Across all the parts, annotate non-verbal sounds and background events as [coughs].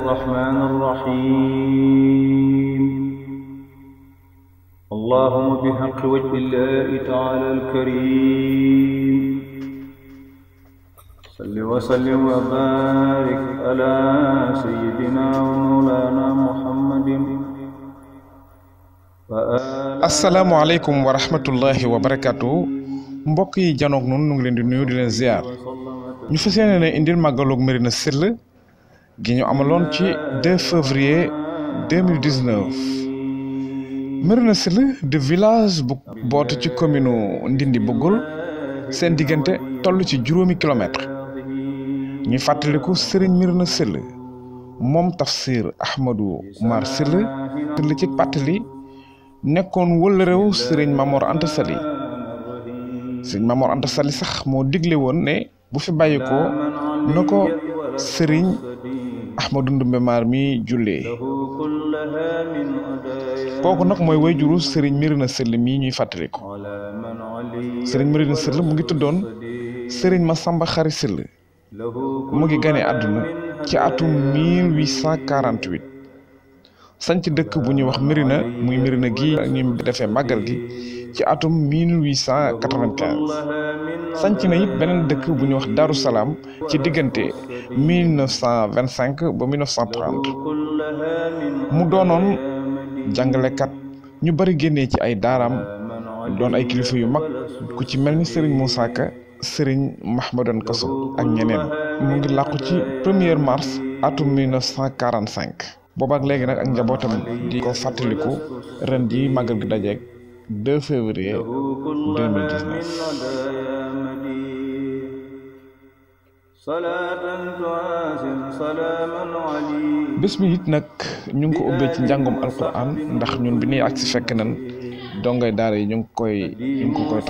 الرحمن الرحيم اللهم بحق وجه الله تعالى الكريم صل وسلم وبارك على سيدنا ومولانا محمد السلام عليكم ورحمة الله وبركاته mbokk yi janoog noonu nu ngi leen di nuyu di leen ziar ñu fas yéene ne indil gi ñu amaloon ci 2 février 2019 Médina Syll di village bu boot ci commune Ndindi Bëggul seen diggante toll ci juróomi kilomètre ñu fàttaliku Serigne Médina Syll moom tafsir Ahmadou Mar Syll Syll ci pàttali nekkoon wëllëreewu Serigne Mamor Anta Sali Serigne Mamor Anta Sali sax moo digle woon ne bu fi bàyyi ko na ko Serigne. Ahmadu Ndumbe Maar mi jullee kooku nag mooy way juru Serigne Mirina Sëll mii ñuy fàttaliku Serigne Mirina Sëll mu ngi sëriñ ma Masamba Xari Sëll mu ngi gane àdduna ci atum 1848 sanc dëkk bu ñuy wax Mirina muy Mirina gi ñu defee màggal gi ci atum 1895 sanc na it beneen dëkk bu ñuy wax Darou Salaam ci diggante 1925 ba 1930 mu doonoon jàngalekat ñu bari génnee ci ay daaraam doon ay kilifa yu mag ku ci mel ni Serigne Moussa Ka Serigne Mahmadan Kasu ak ñeneen mu ngi làqu ci 1er mars atum 1945 boobaak léegi nag ak njabootam di ko fàttaliku ren di màggal gi dajeeg 2 février 2019 bis bi it ñu ci alquran ndax ñun bi aksi agsi fekk nan dongay daara yi ñu koy ñu ko koy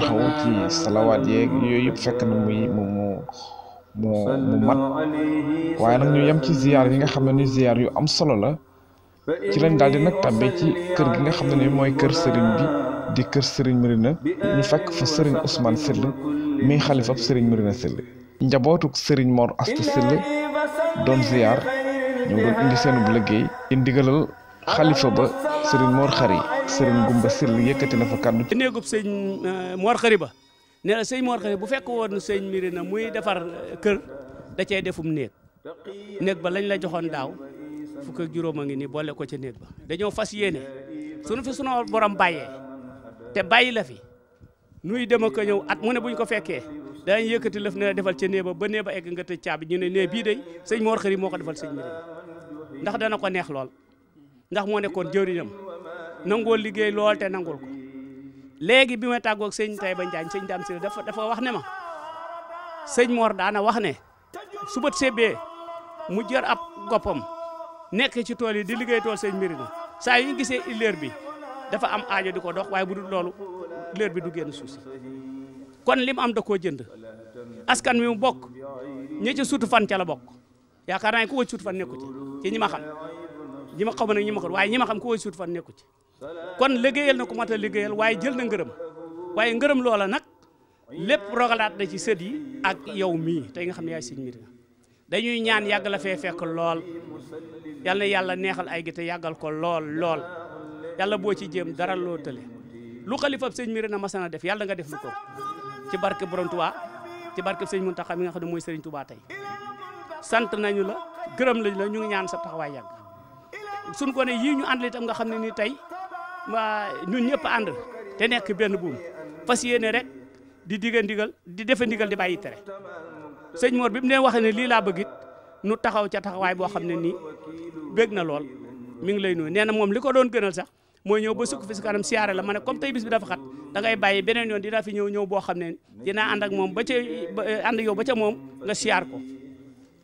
mu mu mu mat waaye nag ñu yem ci yi nga xam ne ni yu am solo la ci lañ daal di nag tàbbee ci kër gi nga xam ne kër sëriñ bi di kër Serigne Merina ñu fekk fa Serigne Ousmane Syll mi xalifab Serigne Merina Syll njabootuk Serigne Mor Asta Syll doon ziyaar ñoo doon indi seenub liggéey ci ndigalal xalifa ba Serigne Mor Xari Serigne Gumba Syll yëkkati na fa kàddu ci néegub sëñ euh, Mor Xari ba ne la sëñ Mor Xari bu fekk woon sëñ Merina muy defar euh, kër da cay defum néeg néeg ba lañ la joxoon daaw fukk juróom a ngi nii boole ko ca néeg ba dañoo fas yéene suñu fi sunu borom bàyyee te bàyyi la fi nuy dem ak ñëw at mu ne buñ ko fekkee daañ yëkkati lëf ne defal ca néeba ba néeba egg nga tëj caabi ñu ne nee bii day sëñ Mor Khary moo ko defal sëñ Mbiré ndax dana ko neex lool ndax moo nekkoon jëriñam nangoo liggéey lool te nangul ko léegi bi ma tàggoog sëñ tay ba Njaañ sëñ Dame Sire dafa dafa wax ne ma sëñ Mor daana wax ne su sebee mu jër ab goppam nekk ci tool yi di liggéey tool sëñ Mbiré saa yu gisee illeer bi dafa am aajo di ko dox waaye bu dul loolu leer bi du génn suuf si kon li am da koo jënd askan wi mu bokk ñi ci suutu fan ca la bokk yaakaar naa ne ku wëcc suutu fan nekku ci ci ñi ma xam ñi ma xaw ma xam waaye ñi ma xam ku wëcc suutu nekku ci kon liggéeyal na ku mat a liggéeyal waaye jël na ngërëm waaye ngërëm loola nag lépp rogalaat na ci sët yi ak yow mii tey nga xam ne yaay sëñ mbir nga dañuy ñaan yàgg la fee fekk lool yal na yàlla neexal ay gi te yàggal ko lool lool yàlla boo ci jéem dara loo tële lu xalifab sëñ mi rek na masana def yàlla nga def lu ko ci barke borom Touba ci barke sëñ taxaw mi nga xam ne mooy sëriñ tubaa tey sant nañu la gërëm lañu la ñu ngi ñaan sa taxawaay yàgg suñ ko ne yii ñu àndal tam nga xam ne ni tey ñun ñëpp ànd te nekk benn buum fas yéene rek di digal ndigal di defe ndigal di bàyyi tere sëñ Mor bi mu ne waxee ne lii laa bëgg it nu taxaw ca taxawaay boo xam ne nii bég na lool mi ngi lay nuyu nee na moom li ko doon gënal sax mooy ñëw ba sukk fi si kanam siyaare la mane ne comme tey a bi dafa xat da ngay bàyyi beneen yoon dinaa fi ñëw ñëw boo xam ne dinaa ànd ak moom ba ca eh, ànd yow ba ca moom nga siyaar ko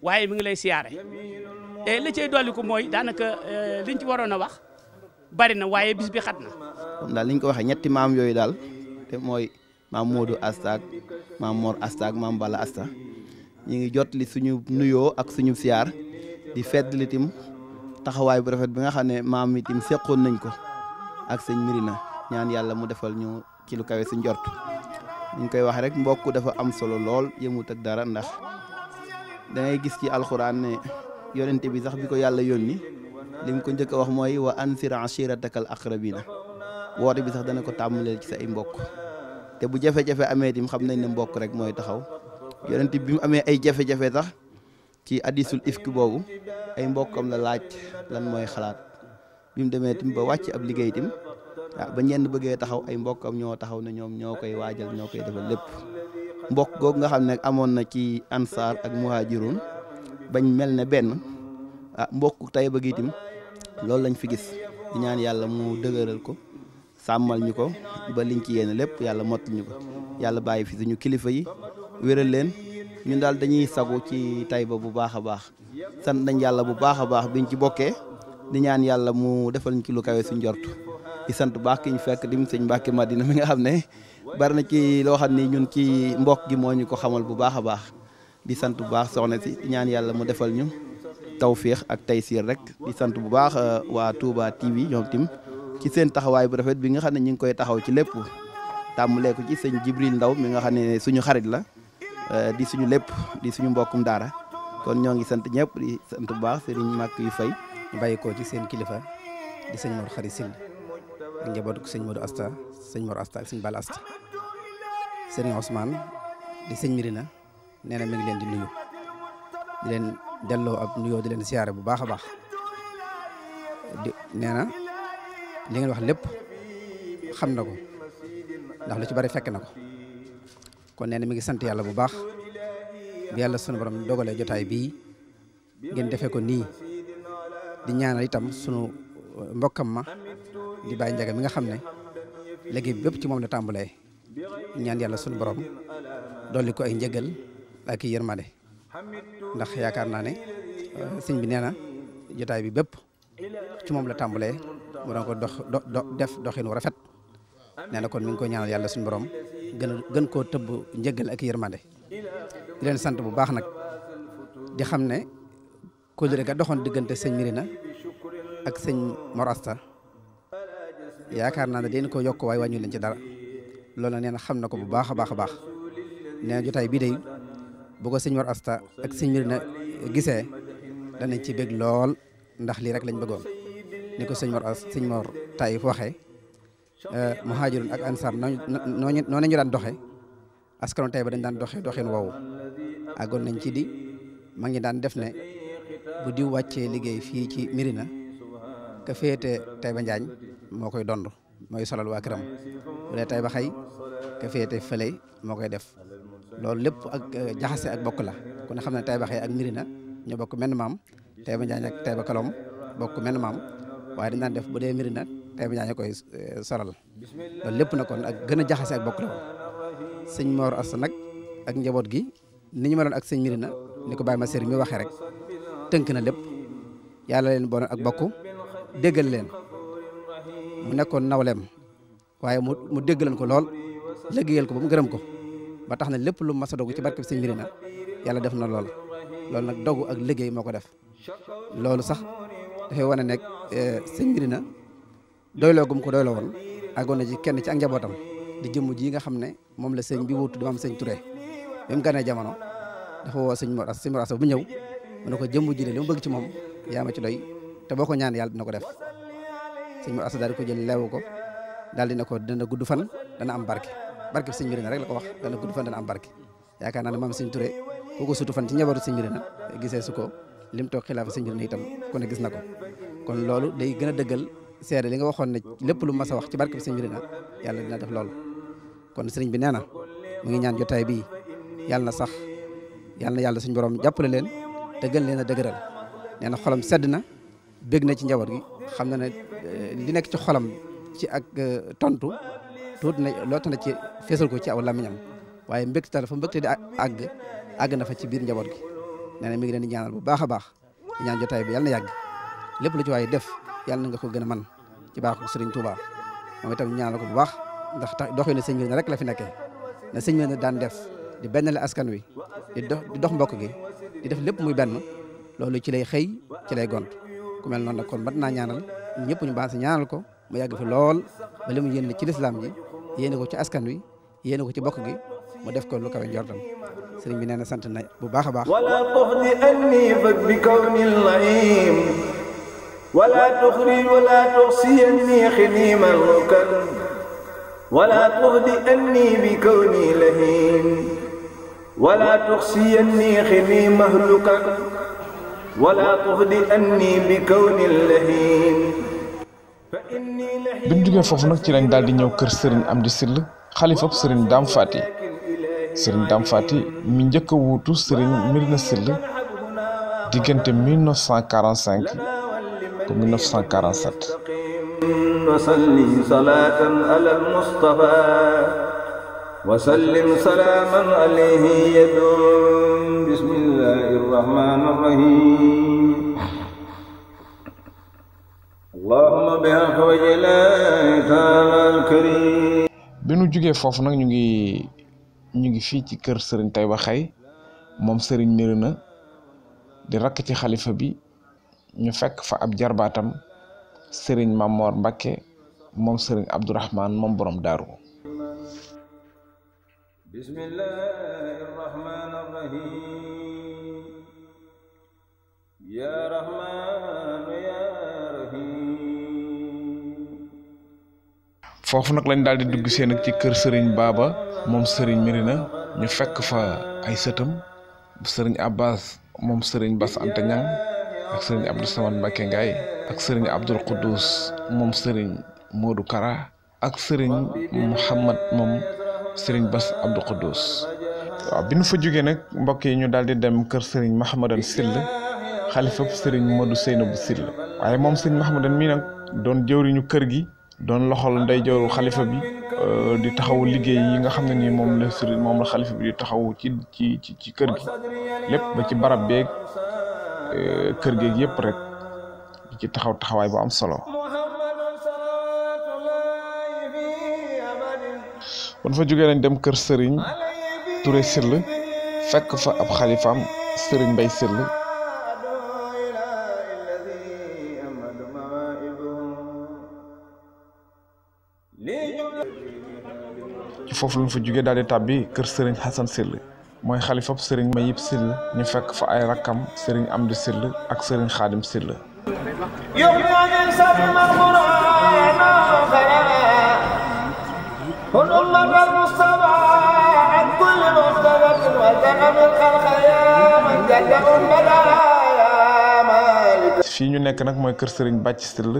waaye mu ngi lay siyaare et eh, li cay dolli ko mooy daanaka eh, liñ ci waroon a wax bari na waaye bis bi xat na. comme daal liñ ko waxee ñetti maam yooyu daal te mooy maam Modou Asta ak maam Mor Asta ak maam Bala Asta ñu ngi jot li suñu nuyoo ak suñu siyaar di fedd litim taxawaay bu rafet bi nga xam ne maam itim seqoon nañ ko. ak sëñ Mirina ñaan yàlla mu defal ñu kilo lu kawe si njort ñu koy wax rek mbokk dafa am solo lool yëmut ak dara ndax dangay gis ci alxuraan ne yonente bi sax bi ko yàlla yónni li mu ko njëkk a wax mooy wa ansir ashiratakal aqrabina woote bi sax dana ko leen ci sa ay mbokk te bu jafe-jafe amee tim xam nañ ne mbokk rek mooy taxaw yonent bi mu amee ay jafe-jafe sax ci hadisul ifk boobu ay mbokkam la laaj lan mooy xalaat bi demee tim ba wàcc ab liggéey tim ba ñenn bëggee taxaw ay mbokkam ñoo taxaw ne ñoom ñoo koy waajal ñoo koy defal lépp mbokk googu nga xam ne amoon na ci ansaar ak muhaajiroon bañ mel ne benn ah mbokk tay bëgg itam loolu lañ fi gis ñaan yàlla mu dëgëral ko sàmmal ñu ko ba liñ ci yéene lépp yàlla mottal ñu ko yàlla bàyyi fi ñu kilifa yi wéral leen ñun daal dañuy sagu ci tay ba bu baax a baax sant dañ yàlla bu baax a baax biñ ci bokkee di ñaan yàlla mu defal ñu ci lu kawe suñ jort di sant bu baax ki ñu fekk di sëñ Mbàkke Madina mi nga xam ne bari na ci loo xam ni ñun ci mbokk gi moo ñu ko xamal bu baax a baax di sant bu baax soxna si di ñaan yàlla mu defal ñu taw tawféex ak taysiir rek di sant bu baax euh, waa Touba TV ñoom tim ci seen taxawaay bu rafet bi nga xam ne ñu ngi koy taxaw ci lépp tàmmalee ko ci sëñ Jibril Ndaw mi nga xam ne suñu xarit la euh, di suñu lépp di suñu mbokkum daara kon ñoo ngi sant ñëpp di sant bu baax sëriñ màkk yu fay bàyyi ko ci seen kilifa di sëñ Mor Xari Sill ak njabootu ko sëñ Modou Asta sëñ Mor Asta ak sëñ Bal Asta sëriñ Ousmane di sëñ Mirina nee na mi ngi leen di nuyu di leen delloo ab nuyoo di leen siyaare bu baax a baax di nee na li ngeen wax lépp xam na ko ndax lu ci bari fekk na ko kon nee na mi ngi sant yàlla bu baax bi yàlla sunu borom dogalee jotaay bii ngeen defee ko nii di ñaanal itam sunu euh, mbokam ma di bay njaga mi nga xamne ne bepp ci mom la tàmbalee ñaan yalla sunu borom doli ko ay njëgal ak yermale ndax yaakar na ne euh, señ bi nee jotaay bi bepp ci mom la tàmbalee mu ko dox def doxin wu rafet nee kon mi ngi ko ñaanal yalla suñu borom gën gën ko teub njëgal ak yermale di len sante bu baax nak di xamne kóllëre ga doxoon diggante sëñ Mirina ak sëñ Mor Asta yaakaar naa ne dañ ko yokk waaye wàññu leen ci dara loolu nee na xam na ko bu baax a baax a baax ne na jotaay bii day bu ko sëñ Mor Asta ak sëñ Mirina gisee danañ ci bég lool ndax lii rek lañ bëggoon ne ko sëñ Mor Asta sëñ Mor Taïf waxee eh, muhaajirun ak ansar nooñu nooñu ñu daan doxee askanu tey ba dañ daan doxee doxin woowu àggoon nañ ci di ma daan def ne. bu diw wàccee liggéey fii ci Mirina ka féete Taïba Njaañ moo koy dond mooy solal waa këram bu dee Taïba Xay ka féete fële moo koy def loolu lépp ak euh, jaxase ak bokk la ku ne xam ne Taïba Xay ak Mirina ñoo bokk menn maam Taïba Njaañ ak Taïba Kalom bokk menn maam waaye dañ daan def bu dee Mirina Taïba Njaañ koy euh, solal loolu lépp na kon ak gën a jaxase ak bokk la sëñ Mor Asta nag ak njaboot gi ni ñu meloon ak sëñ Mirina ni ko Baye Massir mi waxee rek tënk na lépp yàlla leen bon ak bokk déggal leen mu nekkoon nawleem waaye mu mu déggalan ko lool liggéeyal ko ba mu gërëm ko ba tax na lépp lu mas a dogu ci barke bi sëñ Birima yàlla def na lool loolu nag dogu ak liggéey moo ko def loolu sax dafay wane nekk eh, sëñ Birima doyloo gum ko doyloo woon àggoon na ci kenn ci njabootam di jëmm ji nga xam ne moom la sëñ bi wutu di maam sëñ Touré bi mu ganee jamono dafa sëñ Mor sëñ Mor bu ñëw mu ne ko jëmbu ji de li mu bëgg ci moom yaa ma ci doy te boo ko ñaan yàlla dina ko def sëñ mu asa daal di ko jël leewu ko daal di ne ko dana gudd fan dana am barke barke bi sëñ Mbirina rek la ko wax dana gudd fan dana am barke yaakaar naa ne maam sëñ Touré ku ko sutu fan ci njabootu sëñ Mbirina gisee su ko lim toog xilaafa sëñ Mbirina itam ku ne gis na ko kon loolu day gën a dëggal seede li nga waxoon ne lépp lu mas a wax ci barke bi sëñ Mbirina yàlla dina def loolu kon sëriñ bi nee na mu ngi ñaan jotaay bii yàlla na sax yàlla na yàlla suñu borom jàppale leen te gën leen a dëgëral nee na xolam sedd na bég na ci njaboot gi xam na ne eh, li nekk ci xolam ci ak eh, tontu tuuti na loota na ci feesal ko ci aw làmmiñam waaye mbégte la fa mbégte di àgg àgg na fa ci biir njaboot gi nee na mi ngi leen di ñaanal bu baax a baax di ñaan jotaay bi yàlla na yàgg lépp lu ci waaye def yàlla na nga ko gën a man ci baax ko Serigne moo moom itam ñaanal ko bu baax ndax tax doxalin sëñ bi rek la fi nekkee na sëñ bi daan def di bennale askan wi di dox di gi di def lépp muy benn loolu ci lay xëy ci lay gont ku mel noonu nag kon mat naa ñaanal ñëpp ñu baasi ñaanal ko mu yàgg fi lool ba li mu yéene ci lislaam ji yéene ko ci askan wi yéene ko ci bokk gi mu def ko lu kawe njortam sëriñ bi nee na sant na bu baax a baax wala tuxni anni fak bi kawni laim wala tuxri wala tuxsiyanni xinima kan wala tuxni anni bi kawni lahim ولا تخسيني خني مهلكا ولا تهدئني بكون لهين biñ jógee foofu nag ci lañ daal di ñëw kër sëriñ Amdi Sill xalifab sëriñ Dame Faty sëriñ Dame Faty mi njëkk a wuutu sëriñ Mirna Sill diggante 1945 ba 1947. وسلم سلاما عليه يدوم بسم الله bi nu jógee foofu nag ñu ngi ñu ngi fii ci kër sëriñ Taïba Xaye moom sëriñ Mérina di rakk ci xalifa bi ñu fekk fa ab jarbaatam sëriñ Mamor Mbakke moom sëriñ Abdourahman moom borom daaru بسم الله الرحمن الرحيم يا رحمن يا رحيم lañ daal dugg seen ak ci kër sëriñ sëriñ mirina ñu fekk fa ay sëtam sëriñ abbas mom sëriñ bas anta ak sëriñ abdou samad ak sëriñ abdul quddus mom sëriñ moodu kara ak sëriñ muhammad mom sëriñ Bass Abdou Khoudous waaw bi nu fa jógee nag mbokk yi ñu daal di dem kër sëriñ Mahamadan Sill xalifa sëriñ Modou Seynabou Sill waaye moom sëriñ Mahamadan mii nag doon jëwriñu kër gi doon loxol ndeyjooru xalifa bi di taxaw liggéey yi nga xam ne nii moom la sëriñ moom la xalifa bi di taxaw ci ci ci kër gi lépp ba ci barab beeg kër geeg yëpp rek ci taxaw taxawaay bu am solo. ban fa jógee nañ dem kër Serigne Touré fekk fa ab xalifaam Serigne Mbaye Sill ci foofu lañ fa jóge daal tàbbi kër sëriñ Hassan Sill mooy xalifab Serigne Mayib Sill ñu fekk fa ay rakkam sëriñ am di Sill ak Serigne Xaadim Sill كل من المصطفى عن كل مصطفى وزغ بالخلق يا من جل أمنا يا مالك في ñu nekk nag mooy kër Serigne Bàcc Syll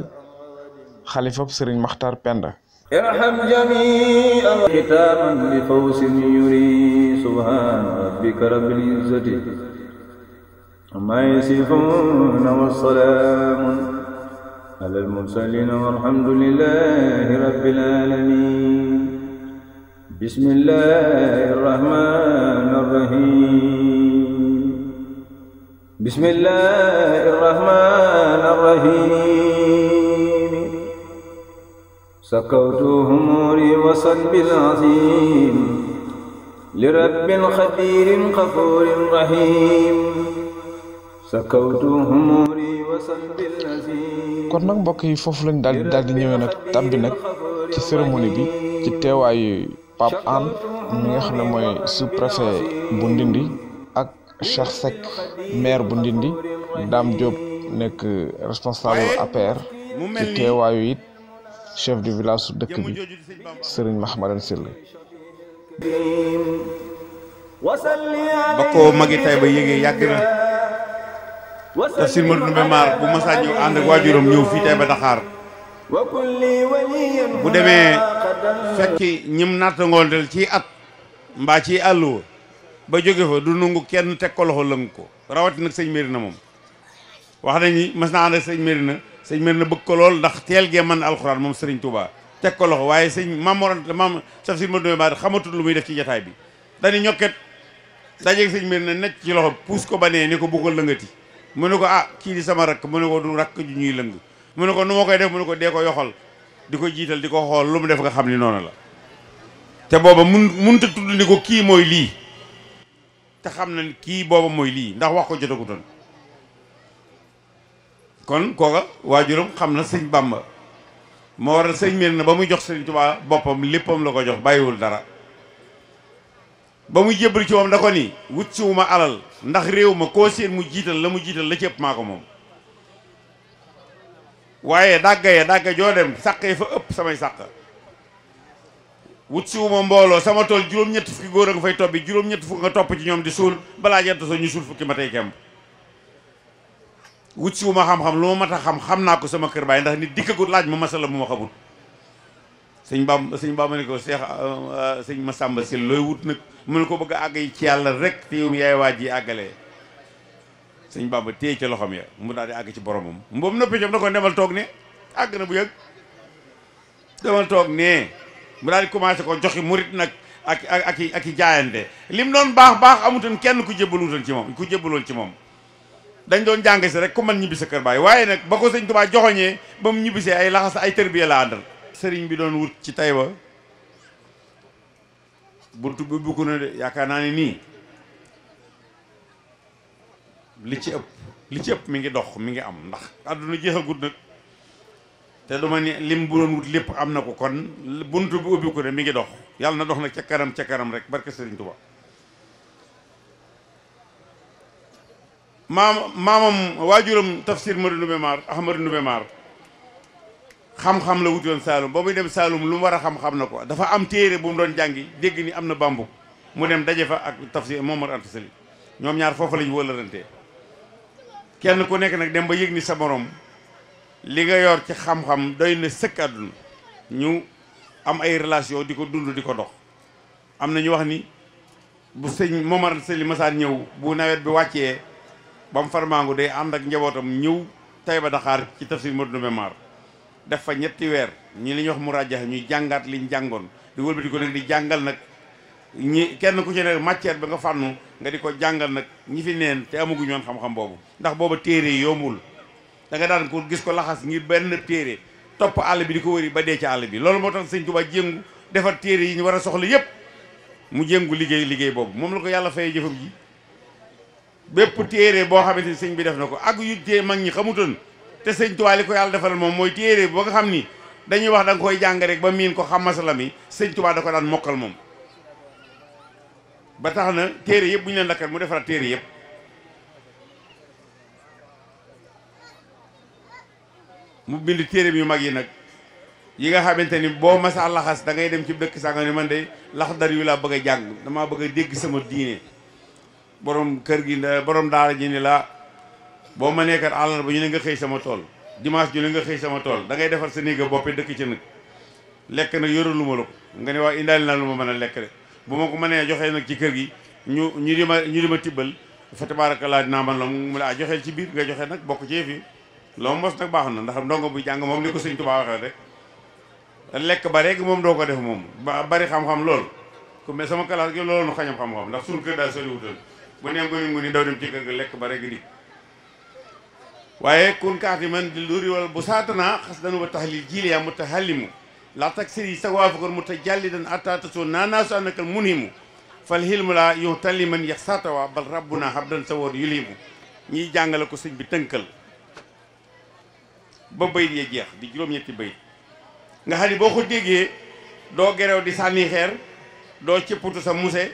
xalifab Serigne Makhtar Penda ارحم جميع ختاما لفوز يري سبحان ربك رب العزة عما يصفون والسلام على المرسلين والحمد لله رب العالمين بسم الله الرحمن الرحيم بسم الله الرحمن الرحيم سكوت هموري وصلب العظيم لرب خبير غفور رحيم سكوت هموري وصلب العظيم كنا nak mbokk yi foofu lañ daal daal di ñëwee nag tàbbi nag Pape Anne mi nga xam ne mooy sous préfet bu Ndindi ak Cheikh maire bu Ndindi Dame Diop nekk responsable APR ci teewaayu it chef du village su dëkk bi Serigne Mahamadan Sill ba ko magi tay ba yéegee yàgg na Tafsir Mamadou Ndoumbé Mar bu masaa ñëw ànd ak waajuram ñëw fii tay ba Dakar bu demee fekki ñim nattangoonteel ci at mbaa ci àlluwa ba jóge fa du nungu kenn teg ko loxo lëng ko rawatina nag sëñ Mérina moom wax nañu mas naa ànd ak sëñ Mérina sëñ Mérina bëgg ko lool ndax teel gee mën alxuraan moom sëriñ Touba teg ko loxo waaye sëñ mamorante mam saf si ma doy baa xamatut lu muy def ci jataay bi dañu ñokket dajeeg sëñ Mérina nekk ci loxo puus ko ba nee ni ko bu ko lëngati mu ne ko ah kii di sama rakk mu ne ko du rakk ju mu ne ko nu ma koy def mu ne ko dee ko yoxal di ko jiital di ko xool lu mu def nga xam ni noonu la te booba mun munta tudd ni ko kii mooy lii te xam na kii booba mooy lii ndax wax ko jot jotagutoon kon kooka waajuram xam na sëñ Bàmba moo waral sëñ na ba muy jox sëñ Tuubaa boppam léppam la ko jox bàyyiwul dara ba muy jébbal ci wom da ko ni wut alal ndax réew ma koo seen mu jiital la mu jiital la ci maa ko moom waaye dàgga ya dàgga joo dem sàq ya fa ëpp samay sàq wut si wu ma mbooloo sama tool juróom-ñett fukki góor a nga fay tobbi juróom-ñett fukk nga topp ci ñoom di suul balaa jant soo ñu suul fukki ma tey kemb wut si wu ma xam-xam lu ma mat a xam xam naa ko sama kër baay ndax nit dikkagul laaj ma la mu ma xamul sëñ Bam sëñ Bamba ne ko seex euh, euh, sëñ Masamba si looy wut nag mu ne ko bëgg àgg yi ci yàlla rek te yow yaay waa ji àggalee sëñ Bamba téye ca loxoom ya mu daal di àgg ci boromam mboom noppi jom na ko demal toog ne àgg na bu yëg demal toog ne mu daal di commencé ko joxi murit nag ak ak ak i jaayante lim doon baax baax amutoon kenn ku jébbaluutoon ci moom ku jébbalool ci moom dañ doon jàng si rek ku man ñibbi sa kër baay waaye nag ba ko sëñ Tuubaa joxoñee ba mu ñibbisee ay laxas ay tërbiya la sëriñ bi doon wut ci Tayba buntu bi bukk na de yaakaar naa ne nii li ci ëpp li ci ëpp mi ngi dox mi ngi am ndax àdduna jeexagut nag te ma ne lim bu doon wut lépp am na ko kon buntu bi ubbi ko ne mi ngi dox yàlla na dox nag ca kanam ca kanam rek barke Sëriñ Tuba maam maamam waajuram tafsir Madu Ndumbe Maar Ahmadu Ndumbe Maar xam-xam la wutoon Saalum muy dem Saalum lu war a xam-xam na ko dafa am téere bu mu doon jàngi dégg ni am na bambu mu dem daje fa ak tafsir Momar Anta Sali ñoom ñaar foofu lañu wëlërantee kenn ku nek nak dem ba yegni ni sa borom li nga yor ci xam-xam doyna sekk adun ñu am ay relation di ko dund di dox am na ñu wax ni bu señ Momar Sëli massa ñew bu nawet bi wacce bam farmangu day and ak njabootam ñëw Taïba dakar ci tafsir Modou Memar def fa ñetti wer ñi li ñuy wax mu ñu jangat jàngaat liñ di wëlbati ko nak di jangal nak ñi kenn ku ci nek matière ba nga fannu nga di ko jàngal nag ñi fi neen te amaguñu woon boobu ndax booba téere yombul da nga daan ko gis ko laxas ngir benn téere topp àll bi di ko wëri ba dee ci àll bi loolu moo tax sëñ Tuubaa jéngu defar téere yi ñu war a soxla yépp mu jéngu liggéey liggéey boobu moom la ko yàlla fayee jëfam ji bépp téere boo xamante ni sëñ bi def na ko ak yu tée mag ñi xamutoon te sëñ Tuubaa li ko yàlla defal moom mooy téere ba nga xam ni dañuy wax da koy jàng rek ba miin ko xam masala mi sëñ Tuubaa da ko daan mokkal moom ba tax na téere yëpp bu ñu leen lakkat mu defaraat téere yëpp mu bind téere bi yu mag yi nag yi nga xamante ni boo masa laxas da ngay dem ci dëkk sanga ni man de lax dar yu laa bëgg a jàng damaa bëgg a dégg sama diine borom kër gi borom daara ji ni la boo ma nekkat àllar ba ñu ne nga xëy sama tool dimanche ju la nga xëy sama tool da ngay defar sa néega boppi dëkk ci nag lekk nag yoru lu ma la ko nga ne waa indaali naa lu ma mën a lekk de bu ma ko mënee joxee nag ci kër gi ñu ñu di ma ñu di ma tibbal fa tabaarakallaa dinaa man loo mu la ah, joxeel ci biir nga joxe nag bokk ci yëf yi loo mos nag baax na ndax ndongo bu jàng moom ni ko sëñ lekk ba rek moom doo ko def moom ba bari xam-xam lool ku mais sama kalaas gi loolu nu xañam xam-xam ndax suñu kër daal soriwutoon bu nee nguni nguni daw dem ci kër gi lekk ba rek di waaye kun kaati man di luri wala bu saatana xas danu ba taxlil jiiliya mu taxallimu la taksiri sawafakon mutajallidan atta taso nanasu annakal munhimu fal hilmu la yo taliman yax satawa bal rabbuna habdan sawoor yulimu ñiy jàngale ko sëñ bi tënkal ba bayit ya jeex di juróom-ñetti bayit nga xam boo ko déggee doo gerew di sànni xeer doo cëpputu sa muse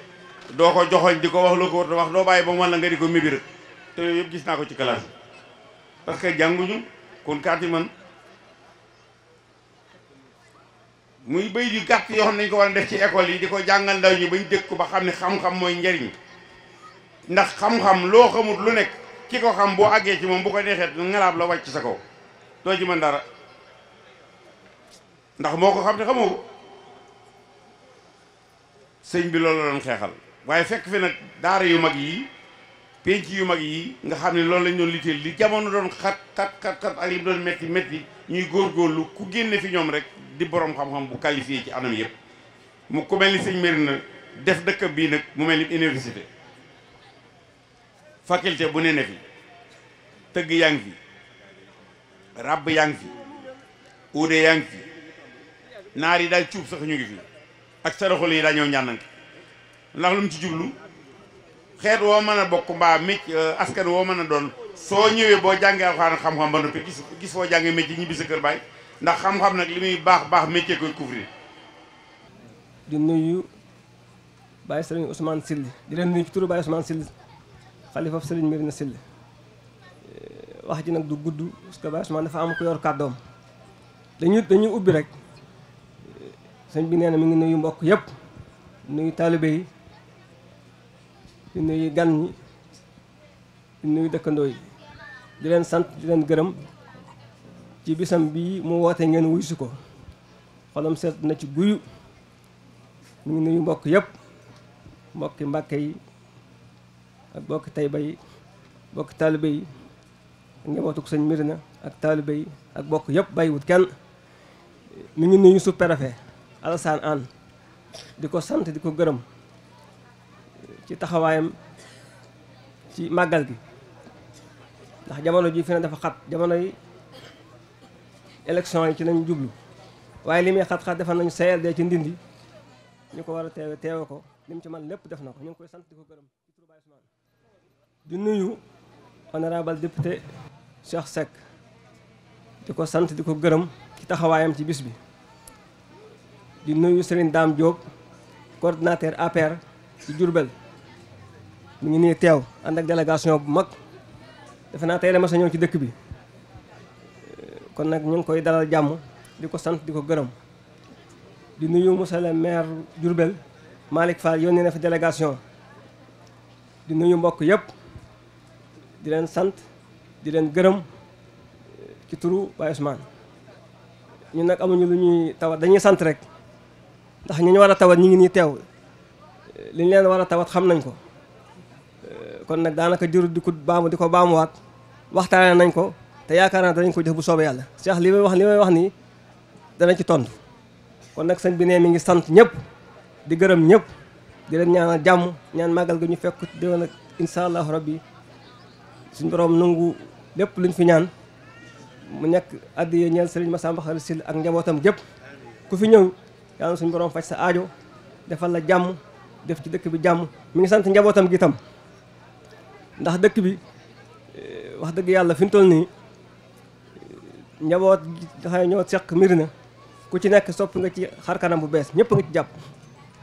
doo ko joxoñ di ko wax loo ko war wax doo bàyyi ba mu la nga di ko mébir te yooyu yëpp gis naa ko ci classe parce que jànguñu kon kaati man muy bay yu gàtt yoo xam nañ ko war a def ci école yi di ko jàngal ndaw ñi bañ dégg ko ba xam ne xam-xam mooy njariñ ndax xam-xam loo xamut lu nekk ki ko xam boo àggee ci moom bu ko neexee ngelaab la wàcc sa kaw doo ci mën dara ndax moo ko xam ne xamoo sëñ bi loolu la doon xeexal waaye fekk fi nag daara yu mag yi penc yu mag yi nga xam ne loolu lañ doon litteel li jamono doon xat xat xat xat ak li mu doon métti métti ñuy góorgóorlu ku génne fi ñoom rek di borom xam-xam bu qualifié ci anam yëpp mu ku mel ni sëñ Mérina def dëkk bii nag mu mel ni université faculté bu ne ne fi tëgg yaa ngi fi ràbb yaa ngi fi uude yaa fi naar yi daal cuub sax ñu ngi fi ak saraxul yi daa ñëw njànnante ndax lu mu ci jublu xeet woo mën a bokk mbaa mécc euh, askan woo mën a doon soo ñëwee boo jàngee alxuraan xam-xam ba noppi gis gis foo jàngee mécc ñibbi sa kër baay ndax xam-xam nak limi bax bax métier koy couvrir. di nuyu Baye Serigne Ousmane Syll di len nuyu ci turu Baye Ousmane Syll khalifa Serigne Mérina Syll eh, wax ji nak du gudd parce que Baye Ousmane dafa am ko yor kàddoom dañu dañu ubbi rek eh, serigne bi neena na mi ngi nuyu mbokk yëpp nuyu talibé yi di nuyu gan ñi nuyu dëkkandoo yi di len sant di len gërëm ci bisam bi mu wote ngeen wuysu ko xolam set na ci guyu mu nuyu mbokk yépp mbokk mbàkke yi ak mbokki tay bay mbokki taalibe yi ak njabootuk sëñ mirina ak taalibe yi ak mbokk yépp bàyyiwut kenn mi ngi nuyu su préfet Alassane an di ko sant di ko gërëm ci taxawayam ci magal gi ndax jamono ji fi dafa xat jamono yi élection yi ci lañ jublu waaye li muy xat-xat defal nañu CLD ci ndindi ñu ko war a teewe teewe ko li ci man lépp def na ko ñu ngi koy sant di ko gërëm ci turu Baye di nuyu honorable député Cheikh Seck di ko sant di ko gërëm ci taxawaayam ci bis bi di nuyu Serigne Dame Diop coordinateur ci Diourbel mu ngi nii teew ànd ak délégation bu mag defe naa tey dama sa ñëw ci dëkk bi kon nag ñu koy dalal jàmm di ko sant di ko gërëm di nuyu monsieur le maire Diourbel Malick yoon yónnee na fi délégation di nuyu mbokk yëpp di leen sant di leen gërëm ci turu Baye Ousmane ñun nag amuñu lu ñuy tawat dañuy sant rek ndax ñu ñu war a tawat ñu ngi nii teew li ñu leen war a tawat xam nañ ko kon nag daanaka jur di ko baamu di ko baamuwaat waxtaane nañ ko te yaakaar naa danañ ko def bu soobee yàlla Cheikh li may wax li may wax nii danañ ci tontu kon nag sëñ bi nee mi ngi sant ñëpp di gërëm ñëpp di leen ñaanal jàmm ñaan màggal gi ñu fekk déwén nag incha allahu rabbi suñ borom nangu lépp luñ fi ñaan mu nekk addiya ñeel sëriñ Massamba Khary Syll ak njabootam gépp ku fi ñëw yàlla suñ borom faj sa aajo defal la jàmm def ci dëkk bi jàmm mi ngi sant njabootam gi tam ndax dëkk bi eh, wax dëgg yàlla fi mu toll nii njaboot xëy ñoo seq mbir na ku ci nekk sopp nga ci xar kanam bu bees ñëpp nga ci jàpp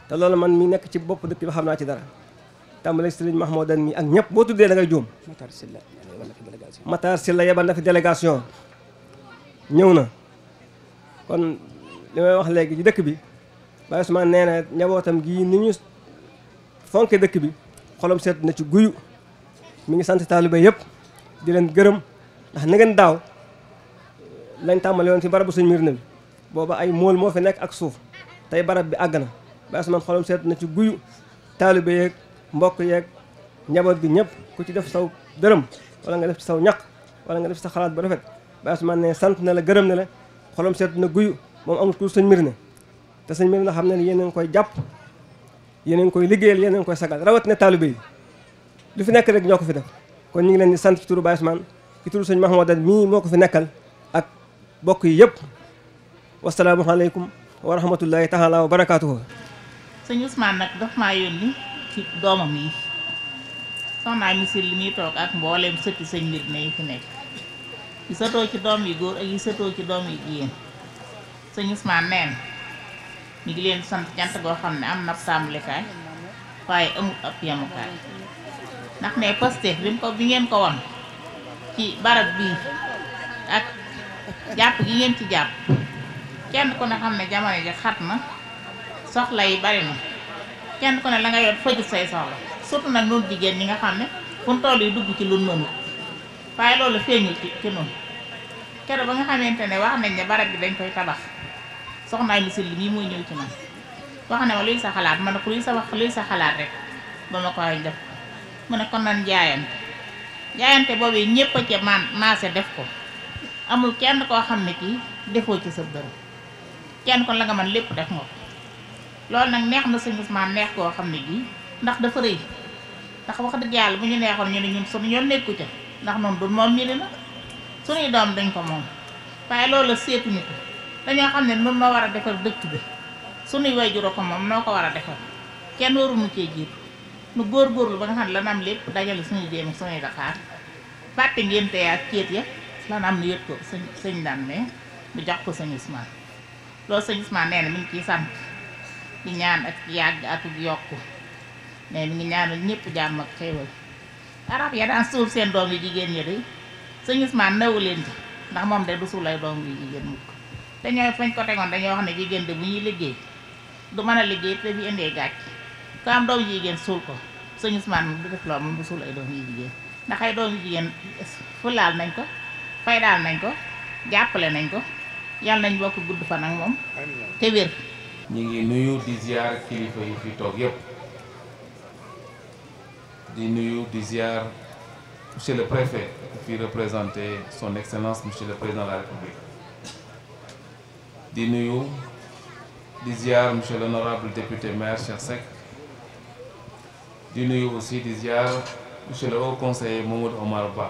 te loolu man mi nekk ci bopp dëkk bi xam naa ci dara tàmbale sëriñ Mahmoudan mi ak ñëpp boo tuddee da ngay juum Matar Sylla yebal na fi délégation ñëw na kon li may wax léegi ci dëkk bi Baye Ousmane nee na njabootam gi ni ñu fonke dëkk bi xolom set na ci guyu mu ngi sant taalibe yëpp di leen gërëm ndax na ngeen daaw lañ tàmbale woon fi barabu sëñ Mirna bi booba ay mool moo fi nekk ak suuf tey barab bi àgg na ba asmaan xolam seet na ci guyu taalibe yeeg mbokk yeeg njaboot gi ñëpp ku ci def saw dërëm wala nga def ci saw ñaq wala nga def ci sa xalaat bu rafet ba asmaan ne sant na la gërëm na la xolam sedd na guyu moom amul ku sëñ Mirna te sëñ Mirna xam ne ne yéen a ngi koy jàpp yéen a ngi koy liggéeyal yéen a ngi koy sagal rawatina taalibe yi lu fi nekk rek ñoo ko fi def kon ñu ngi leen di sant ci turu Baye Ousmane ci turu sëñ Mahmoudane mii moo ko fi nekkal bokk yi yépp wasalaamualeykum wa rahmatullahi taala wa barakaatuhu. sëñ nag daf maa yónni ci doomam yi soxnaa misil li muy toog ak mbooleem sëtti sëñ mbir na yi fi nekk yi satoo ci doom yi góor ak yi satoo ci doom yi jigéen sëñ Ousmane neen mi ngi leen sant cant goo xam ne am na tàmbalikaay waaye amul ab yemukaay ndax ne Pastef bi ko bi ngeen ko won ci barab bii ak jàpp gi ngeen ci jàpp kenn ku ne xam ne jamono ji xat na soxla yi bari na kenn ku ne la nga yor fajut say soxla surtout nag noonu jigéen ñi nga xam ne fu mu yi dugg ci lu mënut waaye loolu feeñul ci ci noonu keroog ba nga xamante ne wax nañ ne barab bi dañ koy tabax soxnaay misil li mii mooy ñëw ci man wax ne ma luy sa xalaat ma ne ko luy sa wax xalaat rek ba ma ko wañ def mu ne kon nan jaayante jaayante boobu ñëpp a ca man maase def ko amul kenn koo xam ne kii defoo ci sa dërëm kenn kon la nga mën lépp def nga ko loolu nag neex na sëñ Ousmane neex koo xam ne gii ndax dafa rëy ndax wax dëgg yàlla bu ñu neexoon ñu ne ñun suñu yoon nekku ca ndax noonu du moom ñu ne na suñuy doom dañ ko moom waaye loolu la seetuñu ko dañoo xam ne nun ma war a defar dëkk bi su nuy woy wayjuro ko moom noo ko war a defar kenn waruñu cee jiitu nu góorgóorlu ba nga xam ne la nam lépp dajale suñuy déem suñuy daqaar fàtte ngénte ak céet ya nó nằm liệt của sinh sinh đàn mẹ bị dọc của sinh mà lo sinh mà nè mình kí săn mình nhàn ở ăn ở tụi dọc của nè mình nhàn ở nhịp jam mặc theo rồi arab ya đang sụp sen dong đi gen ya đấy sinh mà nâu lên ndax mom de du sulay dong đi gen mukk dañoy fañ ko tegon dañoo xam ne jigéen de bu ñuy liggéey du mën a liggéey te bi indee gàcc ku am doom jigéen suul ko sëñ sinh moom du def loolu moom du suul ay doom yi jigéen ndax ay doom jigéen full làm này ko faydaal nañ ko jappalé nañ ko yalla nañ bokk gudd fan ak moom te wér ñi ngi nuyu di ziar kilifa yi fi toog yépp di nuyu di ziar monsieur le préfet qui représenté son excellence monsieur le président de la république di nuyu di ziar monsieur l'honorable député maire Cheikh Seck di nuyu aussi di ziar monsieur le haut conseiller Mamoud Omar Ba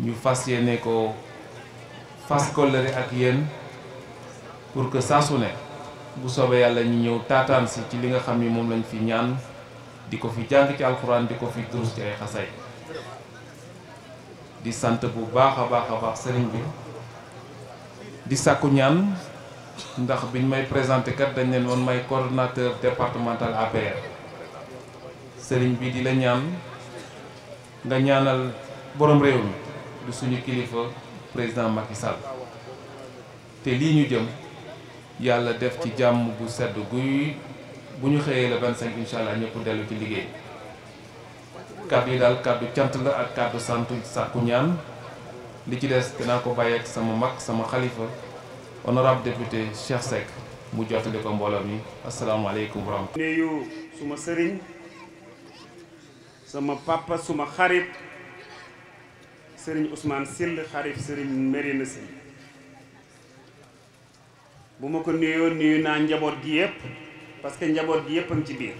ñu fas yéene ko fas kollëre ak yéen pour que saa su ne bu soobee yàlla ñu ñëw taataan ci li nga xam ni moom lañu fi ñaan di ko fi jàng ci alxuraan di ko fi durus ci ay xasay di sant bu baax a baax a baax sëriñ bi di sàkku ñaan ndax biñ may présenté kat dañ leen woon may coordonnateur départemental APR sëriñ bi di la ñaan nga ñaanal borom réew mi du suñu kilifa président Macky te lii ñu jëm yàlla def ci jàmm bu sedd guy bu ñu xëyee le 25 incha allah ñëpp dellu ci liggéey kàddu yi daal kàddu cant la ak kàddu santu sàkku ñaan li ci des dinaa ko bàyyi ak sama mag sama xalifa honorable député Cheikh Seck mu jottali ko mbooloo mi asalaamaaleykum wa rahmatulah. nuyu suma sëriñ sama papa suma xarit. sëriñ Ousmane Sill xarit sëriñ Merina Sill bu ma ko nuyoo nuyu naa njaboot gi yëpp parce que njaboot gi yëpp a ngi ci biir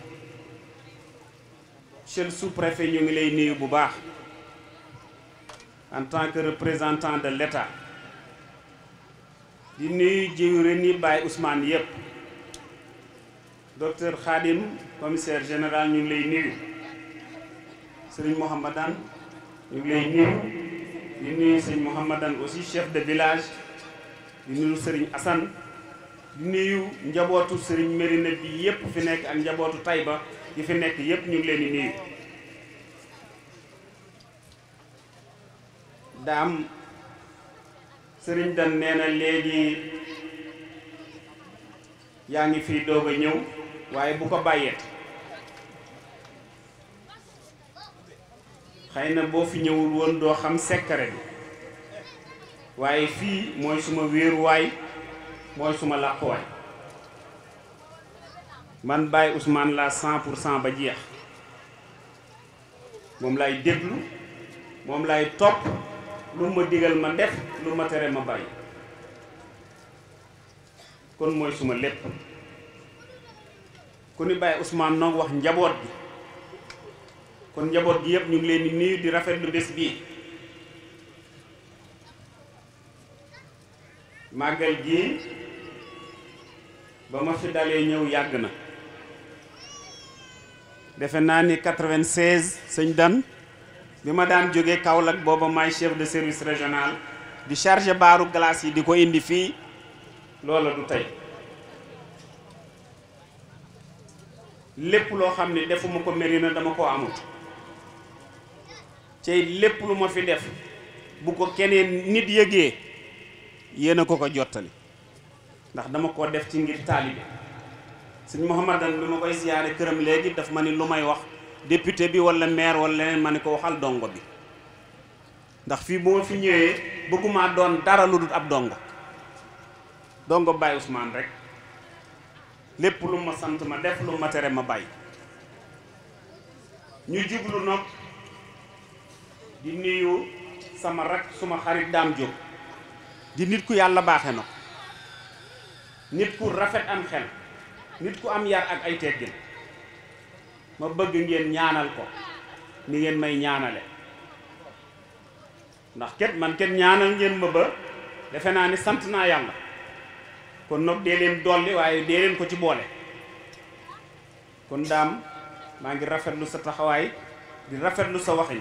monsieur le sous ñu ngi lay nuyu bu baax en tant que représentant de l'État di nuyu jëwriñ yi Baye Ousmane yëpp docteur Khadim commissaire général ñu ngi lay nuyu sëriñ Mouhamadane ñu ngi lay nuyu di nuyu sëñ Mouhamadan aussi chef de village di nuyu sëriñ Assane di nuyu njabootu sëriñ Mérina bi yépp fi nekk ak njabootu ba yi fi nekk yépp ñu ngi leen di nuyu daam sëriñ Dan nee na léegi yaa ngi fi doog a ñëw waaye bu ko bàyyeet xëy na boo fi ñëwul woon doo xam secret bi waaye fii mooy suma wéeruwaay mooy suma làquwaay man bàyyi Ousmane laa cent pour cent ba jeex moom laay déglu moom laay topp lu ma digal ma def lu ma tere ma bàyyi kon mooy suma lépp ku ni Baye Ousmane noog wax njaboot bi kon njaboot gi yëpp ñu ngi leen di nuyu di rafetlu bés bii màggal gi ba ma fi dalee ñëw yàgg na defe naa ni 96 sëñ Dan bi ma daan jóge Kaolack booba maay chef de service régional di chargé baaru glace yi di ko indi fii loola du tey lépp loo xam ne defuma ko Mérina dama ko amut cey lépp lu ma fi def bu ko keneen nit yëgee yéen a ko ko jottali ndax dama koo def ci ngir taalibe sëñ Mouhamadan bi ma koy siyaare këram léegi daf ma ni wax député bi wala maire wala leneen ma ko waxal dongo bi ndax fii bu fi ñëwee bëgguma doon dara lu dul ab dongo dongo Baye Ousmane rek lépp lu ma sant ma def lu ma tere ma bàyyi ñu jublu nag di nuyu sama rak suma xarit daam jóg di nit ku yàlla baaxe na nit ku rafet am xel nit ku am yar ak ay teggin ma bëgg ngeen ñaanal ko ni ngeen may ñaanale ndax ket man ket ñaanal ngeen ma ba defe naa ni sant naa yàlla kon nag dee leen dolli waaye dee leen ko ci boole kon daam maa ngi rafetlu sa taxawaay di rafetlu sa waxin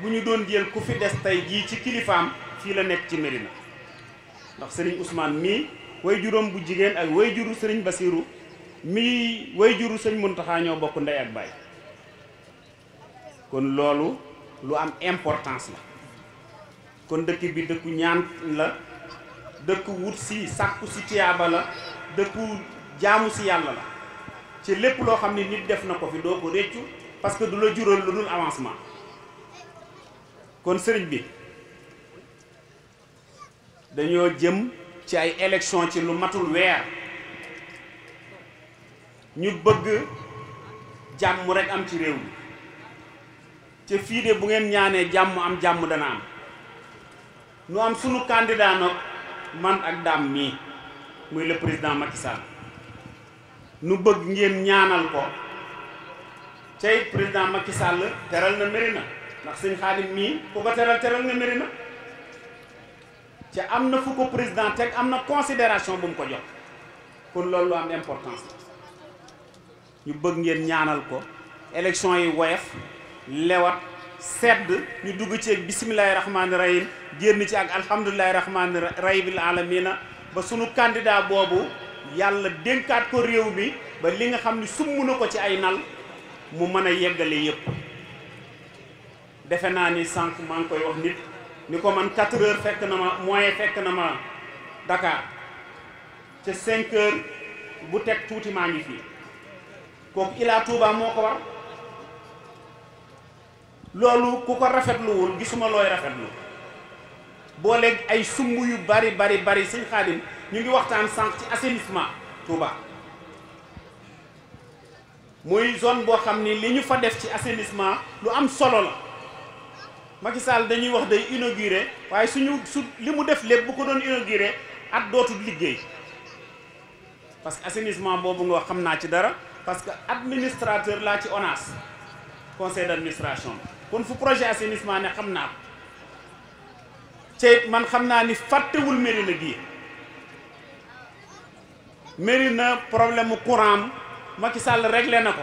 buñu doon jël ku fi dess tay jii ci kilifam fi la nek ci Medina ndax serigne Ousmane mi wayjurum bu jigen ak wayjuru juru basirou Basiru wayjuru serigne juru ño bokk ak bay kon lolu lu am importance la kon dekk bi dekk ñaan la dekk wut si sàkku si tiyaaba la dekk jaamu ci yalla la ci lepp lo xamni nit def nako fi do ko reccu parce que du jural lu dul avancement kon sëriñ bi dañoo jëm ci ay élection ci lu matul weer ñu bëgg jàmm rekk am ci réew mi te fii de bu ngeen ñaanee jàmm am jàmm dana am nu am sunu candidat man ak daam mii muy le président makisal nu bëgg ngeen ñaanal ko ca président Macky Sall teral na Mérina ndax sëñ xaadim mii ku ko teral teral nga méri na am na fu ko président teg am na considération bu mu ko jox kon loolu lu am importance ñu bëgg ngeen ñaanal ko élection yi woyof lewat sedd ñu dugg ci ak bisimilahi rahmaani rahim génn ci ak alhamdulilahi rahmaani rahibil alamina ba sunu candidat boobu yàlla dénkaat ko réew mi ba li nga xam ni sumb na ko ci ay nal mu mën a yeggale yépp defe naa ni sànq maa ngi koy wax nit ni ko man 4 heures fekk na ma moyen fekk na ma Dakar te 5 heures bu teg tuuti maa ngi fii kooku Ila Touba moo ko war loolu ku ko rafetluwul gisuma looy rafet rafetlu booleeg ay sumb yu bari bari bari sëñ Xaadim ñu ngi waxtaan sànq ci assainissement Touba muy zone boo xam ni li ñu fa def ci assainissement lu am solo la Macky Sall dañuy wax day inauguré waaye suñu su li mu def lépp bu ko doon inauguré at dootul liggéey parce que assainissement boobu nga wax xam naa ci dara parce que administrateur laa ci ONAS conseil d'administration kon fu projet assainissement ne xam naa ko te man xam naa ni fàttewul Mérina gii Mérina problème mu courant Macky Sall réglé na ko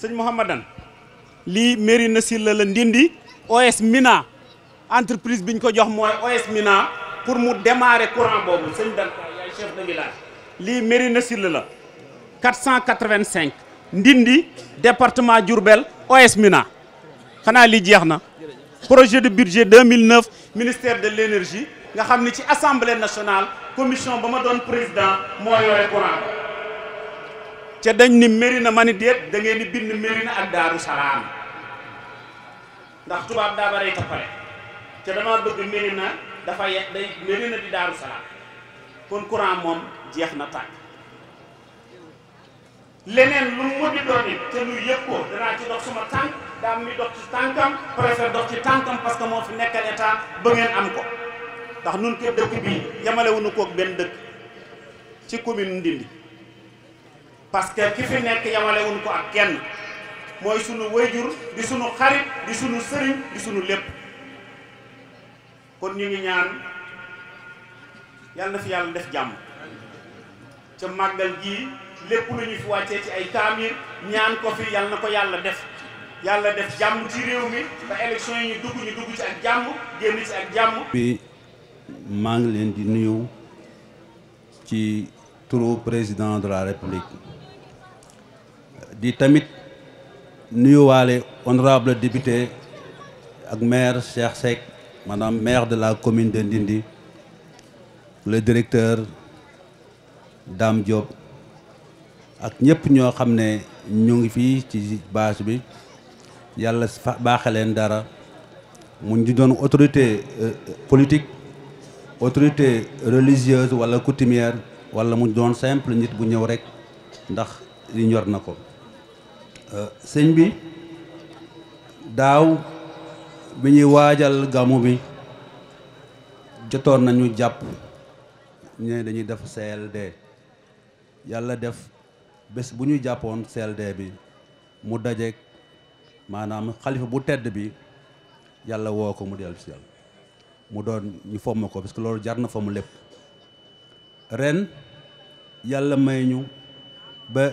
Seigne Mouhamadan li mairie na ndindi OS Mina entreprise biñ ko jox OS Mina pour mu démarrer courant bobu Seigne Dan chef de village li mairie na 485 ndindi département Djourbel. OS Mina xana li veux projet de budget 2009 ministère de l'énergie nga xamni ci assemblée nationale commission de don président moy yoré courant ca dañ ni Mérina ma ni déet dangeen ngeen di bind Mérina ak Daaru Salaam ndax tubaab daa barey toppale ca dama bëgg Mérina dafa ye day Mérina di Daaru kon courant moom jeex na tàkk leneen lu mu di doon it te lu yëg ko danaa ci dox suma tànk daam mi dox ci tànkam préfet dox ci tànkam parce que moo fi nekkal état ba ngeen am ko ndax nun ko dëkk bi yamalewuñu koog benn dëkk ci commune Ndindi parce que ki fi nekk yamalewuñ ko ak kenn mooy sunu wayjur di sunu xarit di sunu sëriñ di sunu lépp kon ñu ngi ñaan yàlla na fi yàlla def jàmm ca màggal gi lépp lu fi wàccee ci ay kaamir ñaan ko fi yàlla na ko yàlla def yàlla def jàmm ci réew mi ba élection yi ñu dugg ñu dugg ci ak jàmm génn ci ak jàmm. bi maa ngi leen di nuyu ci turu président de la république. di tamit nuyuwaale honorable député ak maire Cheikh Seck maanaam maire de la commune de Ndindi le directeur Dame Diop ak ñëpp ñoo xamné ne ñu ngi fi ci base bi yalla baaxe dara mu ñu doon autorité euh, politique autorité religieuse wala coutumière wala mu doon simple nit bu ñëw rek ndax li ñor nako sëñ bi daaw bi ñuy waajal gàmmu bi jotoon nañu jàpp ñe dañuy def CLD yàlla def bés bu ñu jàppoon CLD bi mu dajeek maanaam xalifa bu tedd bi yàlla woo ko mu dellu si yàlla mu doon ñu fomm ko parce loolu jar na fa mu lépp ren yàlla may ñu ba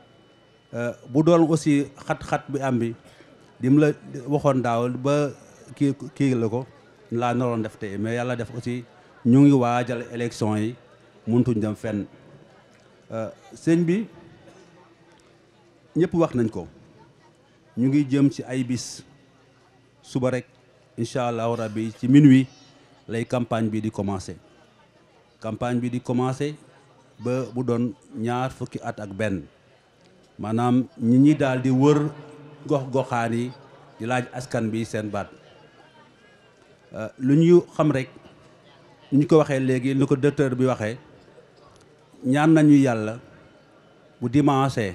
bu doon aussi xat-xat bi am bi li mu la waxoon daaw ba kii kii la ko laa naroon def tey mais yàlla def aussi ñu ngi waajal élection yi mëntuñ dem fenn euh, sëñ bi ñëpp wax nañ ko ñu ngi jëm ci ay bis suba rek incha allahu rabbi ci minuit lay campagne bi di commencer campagne bi di commencer ba bu doon ñaar fukki at ak benn maanaam ñi ñi daal di wër gox goxaan yi di laaj askan bi seen baat lu ñuy xam rek ni ñu ko waxee léegi ni ko docteur bi waxee ñaan nañu yàlla bu dimanche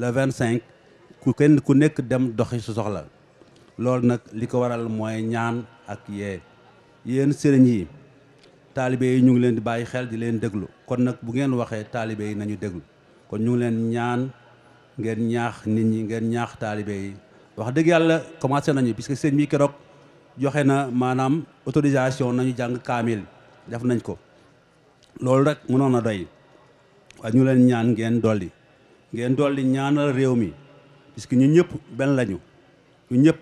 le vingt cinq ku kenn ku nekk dem doxi su soxla loolu nag li ko waral mooy ñaan ak yee yéen sëriñ yi taalibe yi ñu ngi leen di bàyyi xel di leen déglu kon nag bu ngeen waxee taalibe yi nañu déglu kon ñu ngi leen ñaan ngeen ñaax nit ñi ngeen ñaax taalibe yi wax dëgg yàlla commencé nañu puisque sëñ mi keroog joxe na maanaam autorisation nañu jàng kaamil def nañ ko loolu rek mënoon a doy waaye ñu leen ñaan ngeen dolli ngeen dolli ñaanal réew mi puisque ñu ñëpp benn lañu ñu ñëpp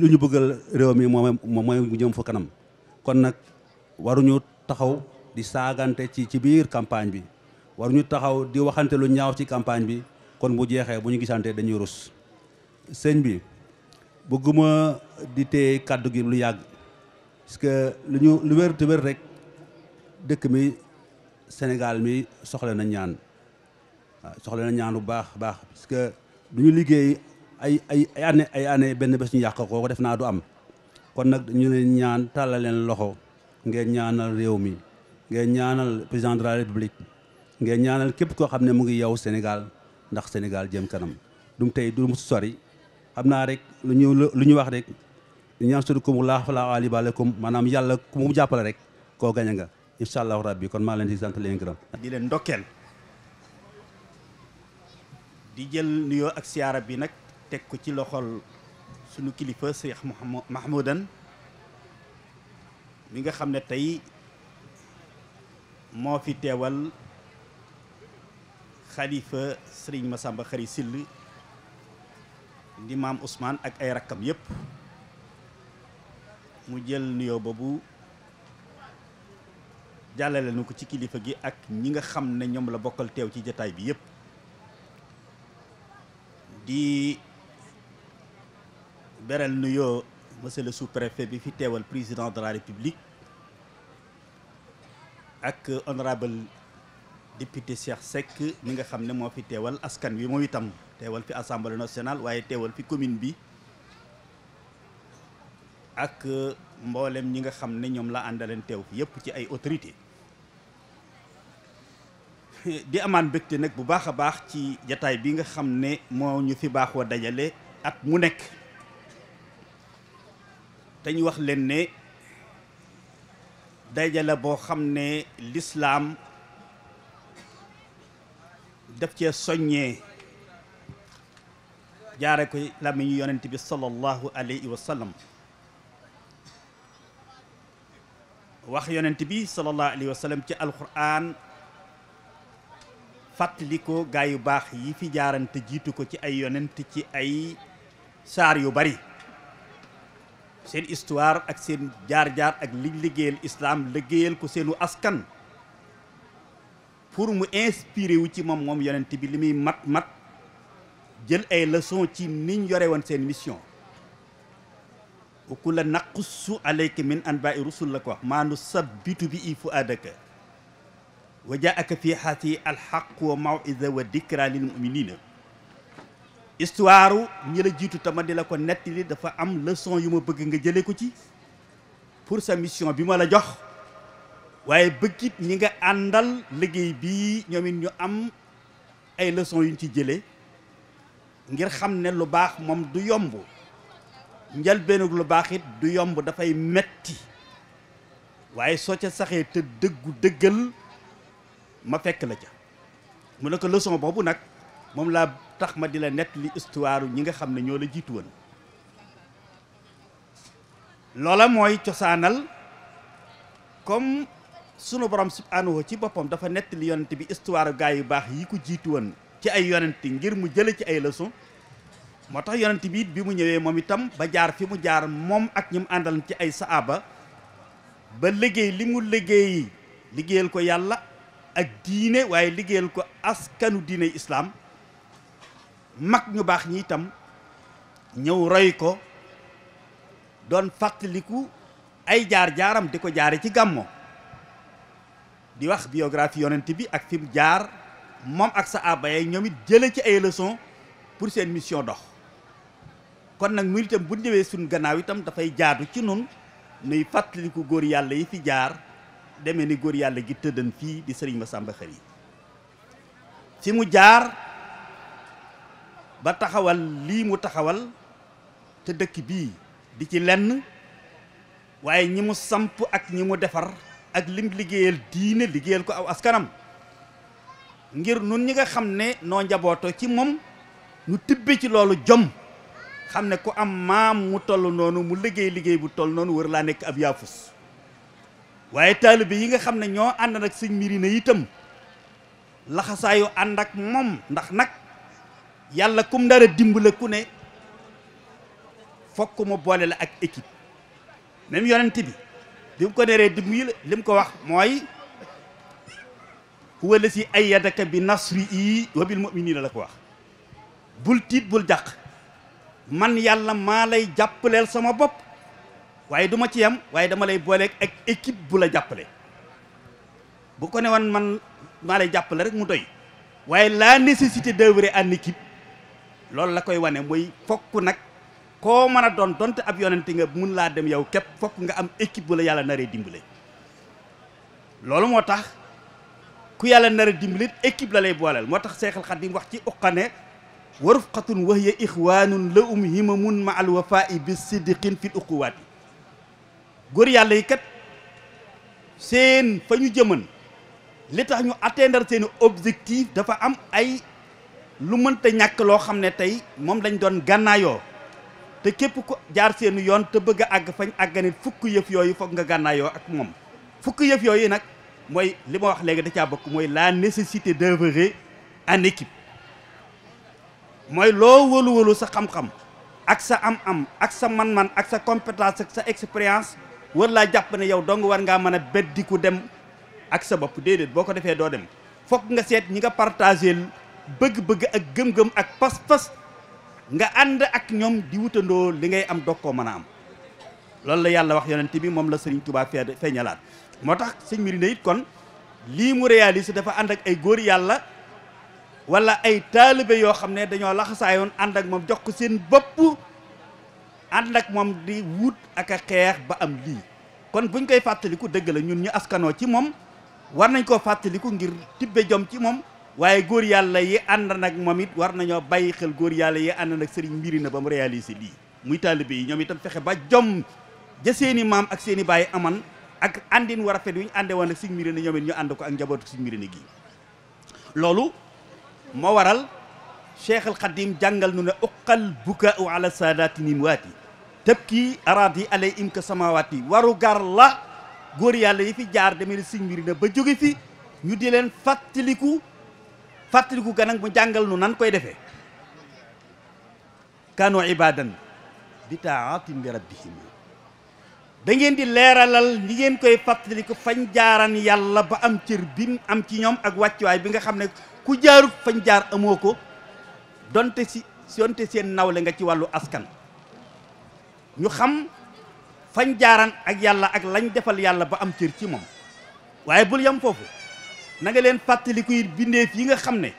lu ñu bëggal réew mi moom mooy mu jëm fa kanam kon nag waruñu taxaw di saagante ci ci biir campagne bi waruñu taxaw di waxante lu ñaaw ci campagne bi kon bu jeexee bu ñu gisantee dañuy rus sëñ bi bëgguma di téye kàddu gi lu yàgg parce que lu ñu lu wér te rek dëkk mi Sénégal mi soxla na ñaan waaw soxla na ñaan bu baax baax parce que du liggéey ay ay ay ay année benn bés yàq ko def naa du am kon nag ñu leen ñaan tàllal leen loxo ngeen ñaanal réew mi ngeen ñaanal président de la république ngeen ñaanal képp koo xam ne mu ngi yow Sénégal ndax Sénégal jëm kanam dum tey du mu sori xam naa rek lu ñu lu ñu wax rek ñaansurukum laa falaa ghaaliba lakum maanaam yàlla ku mu jàppale rek koo gañ nga incha allahu rabbi kon maa leen di sant leen gërëm di leen ndokkeel di jël nuyoo ak siyaara bi nag teg ko ci loxol sunu kilifa Cheikh Mahmoudan mi nga xam ne tey moo fi teewal xalifa sëriñ Masamba Xari Sill di maam Ousmane ak ay rakkam yépp mu jël nuyoo boobu jàllale nu ko ci kilifa gi ak ñi nga xam ne ñoom la bokkal teew ci jataay bi yépp di beral nuyoo monsieur le sous-préfet bi fi teewal président de la république ak honorable député Cheikh Seck mi nga xam ne moo fi teewal askan wi moom itam teewal fi assemblée nationale waaye teewal fi commune bi ak euh, mboolem ñi nga xam ne ñoom la àndaleen teew yépp ci ay autorité [laughs] di amaan mbégte nag bu baax a baax ci jataay bi nga xam ne moo ñu fi baaxoo dajale at mu nekk dañu wax leen ne dajale boo xam ne lislaam daf cee soññee jaare ko làmmiñu yonent bi sallallahu bi sallallahu alayhi wa sallam ci alquran fàttali ko gaa yu baax yi fi jaarante jiitu ko ci ay yonent ci ay saar yu bari seen histoire ak seen jaar-jaar ak liñ liggéeyal islaam liggéeyal ko seenu askan pour mu inspiré wu ci moom moom yonent bi li muy mat mat jël ay leçon ci niñ yore woon seen mission ku la naqussu alayka min anba'i rusul la ko wax maa nu sabbitu bi i fuadaka wa jaaka fii xaati alxaq wa mawida wa dikra lil muminina histoire ñi la jiitu tama di la ko nettali dafa am leçon yu ma bëgg nga jële ko ci pour sa mission bi ma la jox waaye bëggit ñi nga àndal liggéey bi ñoom ñu am ay leçons yuñ ci jëlee ngir xam ne lu baax moom du yomb njalbeenug lu baaxit du yomb dafay metti waaye soo ca saxee te dëggu dëggal ma fekk la ca mu ne ko leçon boobu nag moom laa tax ma di la nettali histoire ñi nga xam ne ñoo la jiitu woon loola mooy cosaanal comme sunu borom subhanahu ci bopam dafa li yonent bi histoire gaay yu bax yi ko jitu won ci ay yonent ngir mu jële ci ay leçon motax yonent bi bi mu ñewé mom itam ba jaar fi mu jaar mom ak ñum andal ci ay sahaba ba liggéey li mu liggéey liggéeyal ko yalla ak diine waye liggéeyal ko askanu diine Islam mak ñu bax ñi itam ñew roy ko don fàttaliku ay jaar jaaram diko ko ci di wax biographie yonent bi ak fi jaar mom ak sa abaya ñoom it ci ay leçon pour sen mission dox kon nak muy itam bu ñewé sun gannaaw itam fay jaadu ci nun nuy fàttaliku góor yalla yi fi jaar demee ni góor yalla gi tëddan fi di sëriñ Massamba Xari fi mu jaar ba taxawal li mu taxawal te dekk bi di ci lenn waye ñimu samp ak ñimu defar ak lim liggéeyal diine liggéeyal ko aw askanam ngir nun ñi nga xam ne noo njabooto ci moom nu tibbe ci loolu jom xam ne ko am maam mu toll noonu mu liggéey liggéey bu toll noonu wër laa nekk ab yaafus waaye taalibe yi nga xam ne ñoo ànd nag sëñ na itam laxasaayu ànd moom ndax nag yàlla kum dara dimbale ku ne fokk mu boole la ak équipe même yonent bi bi ko neree di muy li mu ko wax mooy huwa lasi ayyadaka bi nasrihi wa bil mu'minina la ko wax bul tiit bul jàq man yàlla maa lay jàppaleel sama bopp waaye duma ci yem waaye dama lay booleek ak équipe bu la jàppale bu ko ne woon man maa lay jàppale rek mu doy waaye la nécessité d'œuvrer en équipe loolu la koy wane mooy fokk nag ko mana don, don donte ab yonenti nga mun la dem yow kep fokk nga am équipe bu la yalla naree dimbalé lolou motax ku yalla naree dimbalé équipe la lay bolal motax tax seexal xadim wax ci uqane wa wa hiya ikhwanun la himamun ma al wafaa'i bi siddiqin fil uquwaati gor yalla yi kat seen fañu jëmeun li tax ñu atteindre objectif dafa am ay lu mën ta ñak lo xamne tay mom lañ doon te képp ko jaar seenu yoon te bëgg àgg fañ àgganit fukk yëf yooyu foog nga gànnaayoo ak moom fukk yëf yooyu nag mooy li ma wax léegi da caa bokk mooy la nécessité d'œuvrer en équipe mooy loo wólu-wólu sa xam-xam ak sa am-am ak sa man-man ak sa compétence ak sa expérience war laa jàpp ne yow dong war ngaa mën a di beddiku dem ak sa bopp déedéet boo ko defee doo dem foog nga seet ñi nga partagé bëgg-bëgg ak gëm-gëm ak pas-pas nga ànd ak ñoom di wutandoo li ngay am dog koo mën a am loolu la yàlla wax yonent bi moom la sëriñ Touba fee feeñalaat moo tax sëñ Mirina it kon lii mu réalise dafa ànd ak ay góor yàlla wala ay taalibe yoo xam ne dañoo laxasaayoon ànd ak moom jox ko seen bopp ànd ak moom di wut ak a xeex ba am lii kon buñ koy fàttaliku dëgg la ñun ñu askanoo ci moom war nañ koo fàttaliku ngir tibbe jom ci moom waye góor yalla yi and nak momit war nañoo baye xel góor yalla yi and nak serigne mbiri na ba mu réalisé muy taalibe yi itam fexé ba jom ja seeni ak seeni baye aman ak àndin wara a fet wi ñu ànde woon ak sëriñ mbiri na ñoom ñu and ko ak njabot serigne mbiri gi lolu mo waral cheikh al qadim jangal nu ne uqal bukaau ala saadaati nimwaati tabki aradi alay im ka waru gar la góor yalla yi fi jaar demel serigne sëriñ mbiri na ba jóge fi ñu di len fateliku fàttaliku ganag mu jàngal nu nan koy defee kaanu ibadan bi taatin li rabbihim da di leeralal ñi ngeen koy fàttaliku fañ jaaran yàlla ba am cër bin am ci ñoom ak wàccuwaay bi nga xam ne ku jaarut fañ jaar amoo ko donte si donte seen nawle nga ci wàllu askan ñu xam fañ jaaran ak yàlla ak lañ defal yàlla ba am cër ci moom waaye bul yam foofu na leen fàttali kuy bindeef yi nga xam ne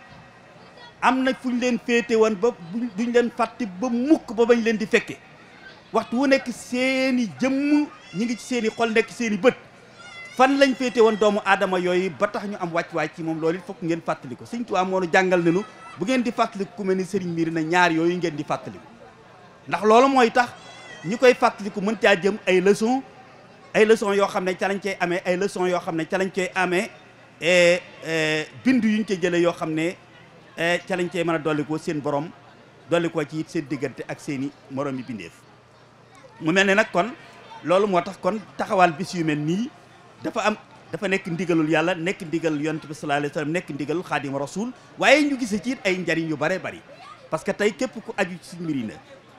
am na fu ñu leen féete woon ba duñ leen fàtte ba mukk ba bañ leen di fekke waxtu wu nekk seeni jëmm ñi ngi ci seeni xol nekk seeni bët fan lañ féete woon doomu aadama yooyu ba tax ñu am wàcc wàcc ci moom loolu it fokk ngeen fàttali ko sëñ Tuubaa moo nu jàngal nañu bu ngeen di fàttali ku mel ni sëriñ miir na ñaar yooyu ngeen di fàttali ndax loolu mooy tax ñi koy fàttaliku mën caa jëm ay leçon ay leçon yoo xam ne ca lañ cay amee ay leçon yoo xam ne ca lañ cay amee Eh, eh, bindu yuñ ci jëlé yo xamné ne eh, ci lañ cey mëna a ko seen borom ko ci seen digënté ak seeni morom bi bindef mu melni ne kon loolu motax kon taxawal bis yu mel dafa am dafa nek ndigalul yalla nek ndigal yonent bi sallallahu alayhi wasallam nek ndigal khadim rasul waye ñu gise ci ay ndariñ yu bare bari parce que tay képp ku aju ci mirina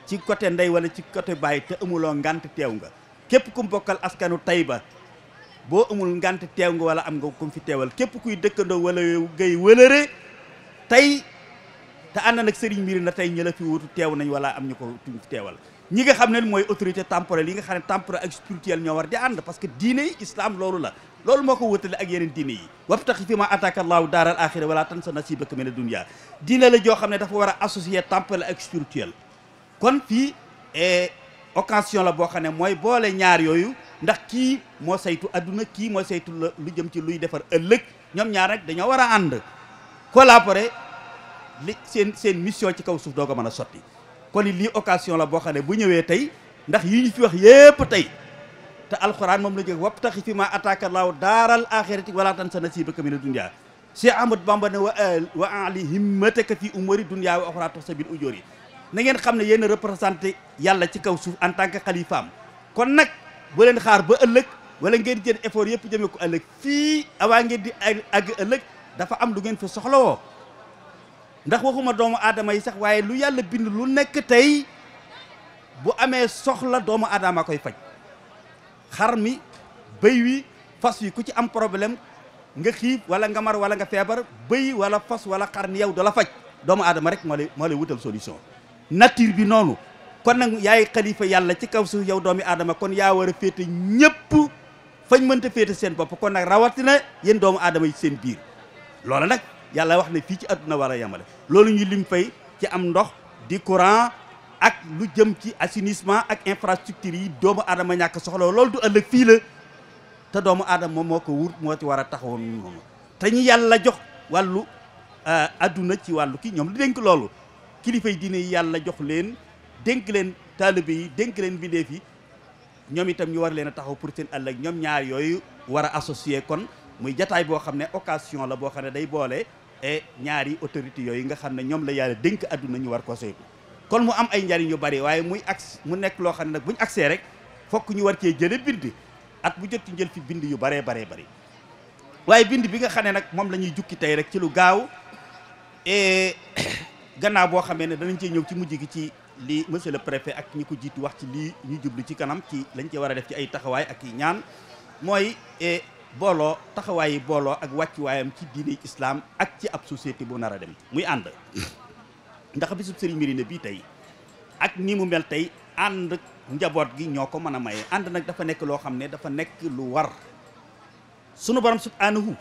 ci côté nday wala ci côté baye te amuloo ngant tew nga képp ku mbokal askanu Tayba boo amul ngante teew nga wala am nga kum fi teewal képp kuy dëkkandoo wala ngay wëlëre tey te ànd nag sëriñ mbiri na tey ñi la fi wutu teew nañ wala am ñu ko tuñ fi teewal ñi nga xam ne mooy autorité temporelle yi nga xam ne temporelle ak spirituelle ñoo war di ànd parce que diine yi islam loolu la loolu moo ko wutale ak yeneen diine yi wabtaxi fi ma ataka allahu daaral axira wala tan sa nasibaka mina dunya diine la joo xam ne dafa war a associer temporelle ak kon fii eh, occasion la boo xam ne mooy boole ñaar yooyu ndax ki mo saytu aduna ki mo saytu lu jëm ci luy défar ëlëk ñom ñaar rek dañoo wara and collaborer li seen seen mission ci kaw suuf doga mëna soti a sotti kon lii occasion la bo xane bu ñëwé tay ndax yi ñu fi wax yépp tay ta alquran mom la jóg wabtaxi fi ma wala tan dunya si ahmad bamba ne wa wa ali himmataka fi umuri dunya wa akhirati tasbil ujuri na ngeen xamne yeen yéen yalla ci kaw suuf en tant que khalifam kon nak bu xaar ba ëllëg wala ngeen jël effort yëpp jëmee ko ëllëg fii awaa ngeen di àgg ëllëg dafa am lu ngeen soxla woo ndax waxuma doomu aadama yi sax waaye lu yàlla bind lu nekk tey bu amee soxla doomu aadama koy faj xar mi bëy wi fas wi ku ci am problème nga xiif wala nga mar wala nga feebar bëy wala fas wala xar ni yow da la faj doomu aadama rek moo lay moo wutal solution nature bi noonu kon nag yaay xalifa yàlla ci kaw suuf yow doomi aadama kon yaa war a féete ñëpp fañ mënta féete seen bopp kon nag rawatina yéen doomu aadama yi seen biir loolu nag yàlla wax ne fii ci àdduna war a yemale loolu ñu lim fay ci am ndox di courant ak lu jëm ci assainissement ak infrastructure yi doomu aadama ñàkk soxla loolu du ëllëg fii la te doomu aadama moom moo ko wut moo ci war a taxawoon noonu te ñu yàlla jox wàllu adduna euh, ci wàllu kii ñoom lu dénk loolu kilifay diine yàlla jox leen dénk leen taalibe yi dénk leen bindeef yi ñoom itam ñu war leen a taxaw pour seen ëllëg ñoom ñaar yooyu war a associé kon muy jataay boo xam ne occasion la boo xam ne day boole ñaari autorités yooyu nga xam ne ñoom la yàlla dénk àdduna ñu war ko kon mu am ay njariñ yu bari waaye muy accès mu nekk loo xam ne nag buñu accès rek fokk ñu war cee jële bind at bu jot njël fi bind yu baree baree bari waaye bind bi nga xam ne nag moom la ñuy jukki tey rek ci lu gaaw et [coughs] gannaaw boo xamee ne danañ cee ñëw ci mujj gi ci li monsieur le préfet ak ñi ko jiitu wax ci lii ñu jublu ci kanam ci lañ ci war a def ci ay taxawaay ak i ñaan mooy e, booloo taxawaayi booloo ak wàccuwaayam ci diine islaam ak ci ab société bu nar a dem muy ànd ndax bisub Serigne Mirina bii tey ak ni mu mel tey ànd njaboot gi ñoo ko mën a maye ànd nag dafa nekk loo xam ne dafa nekk lu war sunu borom subhaanahu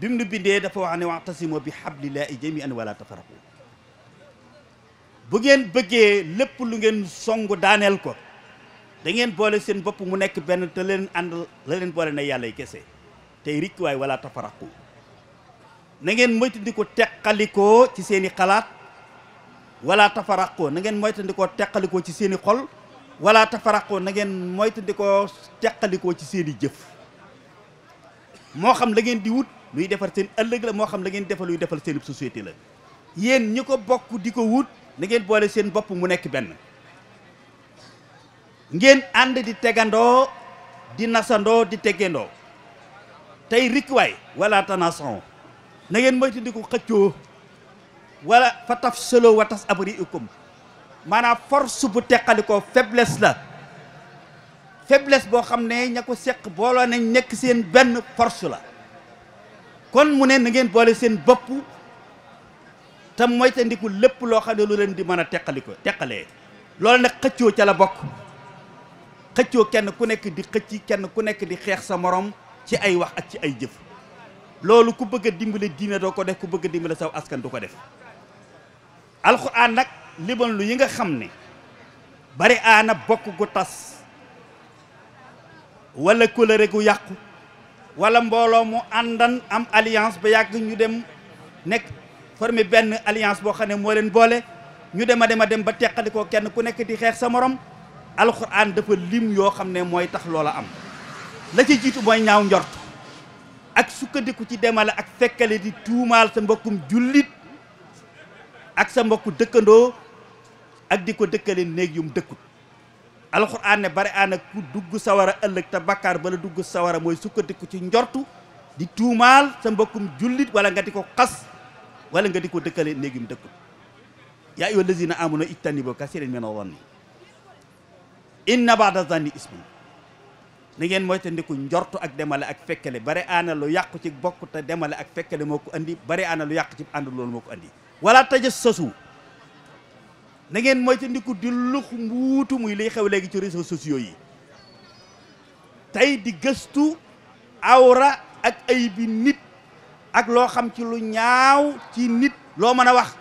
bi mu nu dee dafa wax ne wa'tasimu bi hablillahi jami'an wala tafarraqu bu ngeen bëggee lépp lu ngeen songu daaneel ko da ngeen boole seen bopp mu nekk benn te leen ànd la leen boole na yàlla yi kese tey rikk waay wala tafaraqu na ngeen moytandikoo teqalikoo ci seen i xalaat wala tafaraqoo na ngeen moytandikoo teqalikoo ci seeni i xol wala tafaraqoo na ngeen moytandikoo teqalikoo ci seen jëf moo xam la ngeen di wut luy defar seen ëllëg la moo xam la ngeen defal luy defal seen société la yéen ñi ko bokk di ko wut na ngeen boole seen bopp mu nekk benn ngeen ànd di tegandoo di nasandoo di teggandoo tey rikwaay wala tanason na ngeen moytandiku xëccoo wala fa taf solo wa tas abri ukum maanaam force bu teqalikoo faiblesse la faiblesse boo xam ne ña ko seq booloo nañ nekk seen benn force la kon mu ne na ngeen boole seen bopp te moytandiku lépp loo xam ne lu leen di mën a teqali ko teqalee loolu nag xëccoo ca la bokk xëccoo kenn ku nekk di xëcc kenn ku nekk di xeex sa moroom ci ay wax ak ci ay jëf loolu ku bëgg a dimbale diina doo ko def ku bëgg a dimbale saw askan du ko def alxuraan nag liban lu yi nga xam ne bari aana bokk gu tas wala kóllëre gu yàqu wala mbooloo mu àndan am alliance ba yàgg ñu dem nekk formé benn alliance boo xam ne moo leen boole ñu dem a dem a dem ba teqalikoo kenn ku nekk di xeex sa morom alxuraan dafa lim yoo xam ne mooy tax loola am la ci jiitu mooy ñaaw njort ak sukkandiku ci demale ak fekkale di tuumaal sa mbokkum jullit ak sa mbokku dëkkandoo ak di ko dëkkale néeg yum dëkkut alxuraan ne bare aan ku dugg sawara ëllëg te bakkaar bala dugg sawara mooy sukkandiku ci njortu di tuumaal sa mbokkum jullit wala nga di ko xas wala nga di ko dëkkale néegim dëkkul yaa ayyuha allazina amanu ijtanibu kasiran mina zanni inna ba'da zanni ismun na ngeen moytandiku njortu ak demale ak fekkale bare aana lu yàqu ci bokk te demale ak fekkale mook ko andi bare aana lu yàqu ci ànd loolu moo ko andi wala tajassasu na ngeen moytandiku di lux mbuutu muy liy xew léegi ci réseau sociaux yi tey di gëstu awra ak ay bi nit ak lo xam ci lu ñaaw ci nit lo meuna wax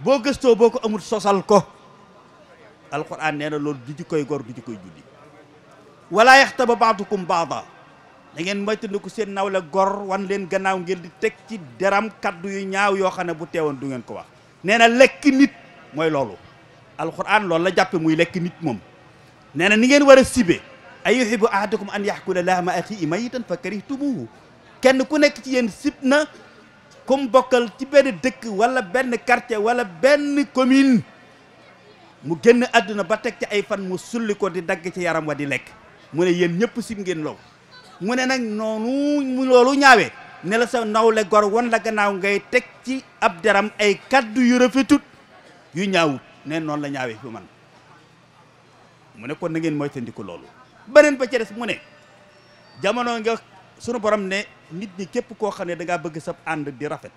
bo gesto boko amul sosal ko alquran neena na du ci koy gor du ci koy julli wala yaxtaba ba'dukum baada da ngeen seen nawla gor wan leen gannaaw ngeen di tek ci deram kaddu yu ñaaw yo xane bu teewon du ngeen ko wax neena lek nit moy loolu alquran loolu la jappé muy lek nit mom neena ni ngeen wara sibé sibe ahadukum an yahkula lahma axiihi maytan fakarihtumuhu kenn ku nekk ci yéen sib na comme bokkal ci benn dëkk wala benn quartier wala benn commune mu génn àdduna ba teg ci ay fan mu sulli ko di dagg ci yaram wa di lekk mu ne yéen ñëpp sib ngeen loolu mu ne nag noonu mu loolu ñaawee ne la sa nawle gor won la gannaaw ngay teg ci ab deram ay kaddu yu rafetut yu ñaawut ne noonu la ñaawe fi man mu ne kon na ngeen moytandiku loolu beneen ba ci des mu ne jamono nga sunu borom ne nit ñi képp ko xamné da nga bëgg sa and di rafet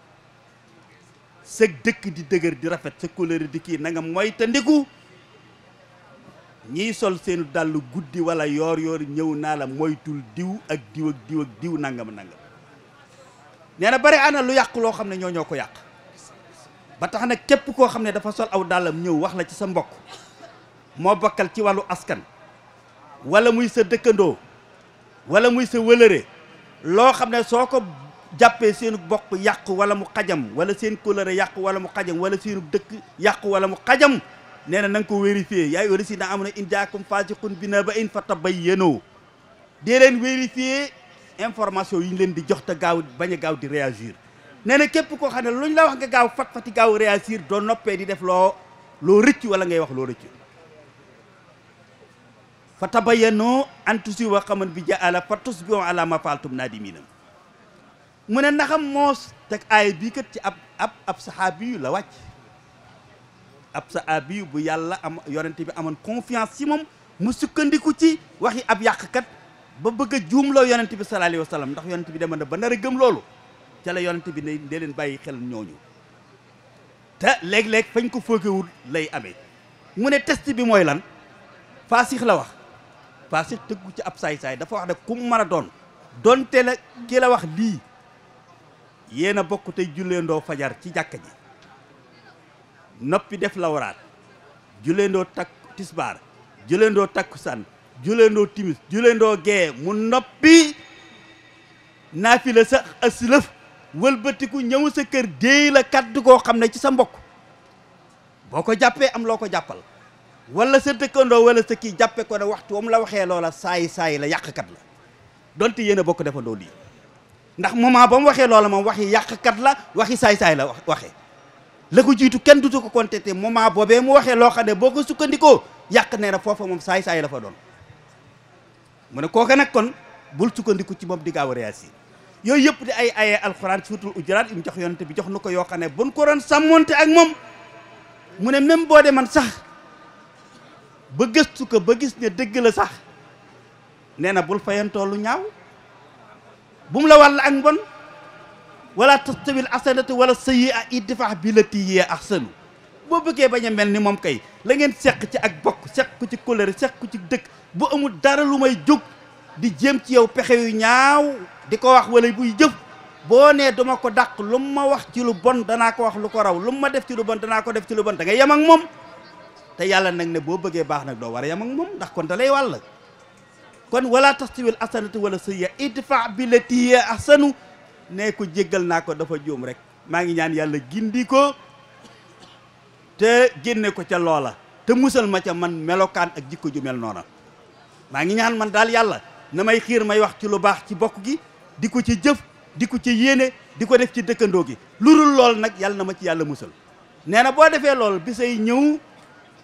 sa dëkk di dëgër di rafet sa couleur di ki na nga tandiku ñi sol seen dàll guddii wala yor yor ñew na la moytul diw ak diw ak diw ak diw nangam nangam nee bari ana lu yaq lo xamné ñoo ko ba tax na képp ko xamné dafa sol aw dàllam ñew wax la ci sa mbokk mo bokkal ci walu askan wala muy sa dëkkandoo wala muy sa loo xam ne soo ko jàppee seen bokk yàqu wala mu xajam wala seen kóllëre yàqu wala mu xajam wala seenu dëkk yàqu wala mu xajam nee na na nga ko vérifier yaay wala si na amoon in jaakum faasiqun bi naba'in fatabayyanoo dee leen vérifier information yi ñu leen di jox te gaaw bañ a gaaw di réagir nee na képp koo xam ne lu ñu la wax nga gaaw fat fati gaaw réagir doo noppee di def loo loo rëcc wala ngay wax loo rëcc fa tabayanoo an tusiibu qawman bi jahaala fa tusbihu alaa maa fa'altum naadimiina mu ne naxam moos teg aaya bii kat ci ab ab ab saxaabi la wàcc ab saxaabi yu bu yàlla am yonente bi amoon confiance ci moom mu sukkandiku ci waxi ab yàqkat ba bëgg a loo yonente bi sallallahu alayhi wa sallam ndax yonente bi demoon na ba nara gëm loolu ca la yonente bi ne dee leen bàyyi xel ñooñu te léeg-léeg fañ ko foogewul lay amee mu ne test bi mooy lan faasix la wax parce que tëggu ci ab saay-saay dafa wax na ku mu mën a doon donte la ki la wax lii yéen a bokk tey fajar ci jàkka ji noppi def la waraat julleendoo takk tisbaar julleendoo takkusaan julleendoo timis julleendoo gee mu noppi naafila sa asilëf wëlbatiku ñëw sa kër déey la kaddu koo xam ne ci sa mbokk boo ko jàppee am loo ko jàppal wala sa dëkkandoo wala sa kii jàppe ko ne waxtu wam la waxee loola saay saay la yàqkat la donte yéen a bokk defandoo lii ndax moment ba mu waxee loola moom waxi yàqkat la waxi saay saay la waxee la ko jiitu kenn du ko contesté moment boobee mu waxee loo xam ne boo ko sukkandikoo yàq nee na foofa moom saay saay la fa doon mu ne kooka nag kon bul sukkandiku ci moom di gaaw a réagir yooyu yëpp di ay ay alxuraan suutul ujuraat im jox yonent bi jox na ko yoo xam ne buñ ko doon samoonte ak moom mu ne même boo de man sax ba gëstu ko ba gis ne deug la sax neena bul fayantoo lu ñaaw bum la wal ak bon wala tastabil asanatu wala sayyi'a idfa' bi lati ahsanu ahsan bo bañ baña melni ni kay la ngeen sekk ci ak bok sekk ci colère sekk ci dëkk bu amul dara lu may juk di jëm ci yow pexe yu ñaaw di ko wax wala buy jëf bo nee duma ko dàq lu ma wax ci lu bon dana ko wax lu ko raw def ci lu bon dana ko def ci lu bon da ngay yam ak mom te yalla nak ne bo beugé bax nak do war yam ak mom ndax kon dalay wal kon wala tastiwil asanatu wala sayya idfa billati ahsanu ne ko jegal nako dafa joom rek ma ngi ñaan yalla gindi ko te genné ko ca lola te musal ma ca man melokan ak jikko ju mel nona ma ngi ñaan man dal yalla na xir may wax ci lu bax ci bokku gi diko ci jëf diko ci yene diko def ci dekkando gi lol nak yalla na ma ci yalla musal neena bo defé lol bisay ñew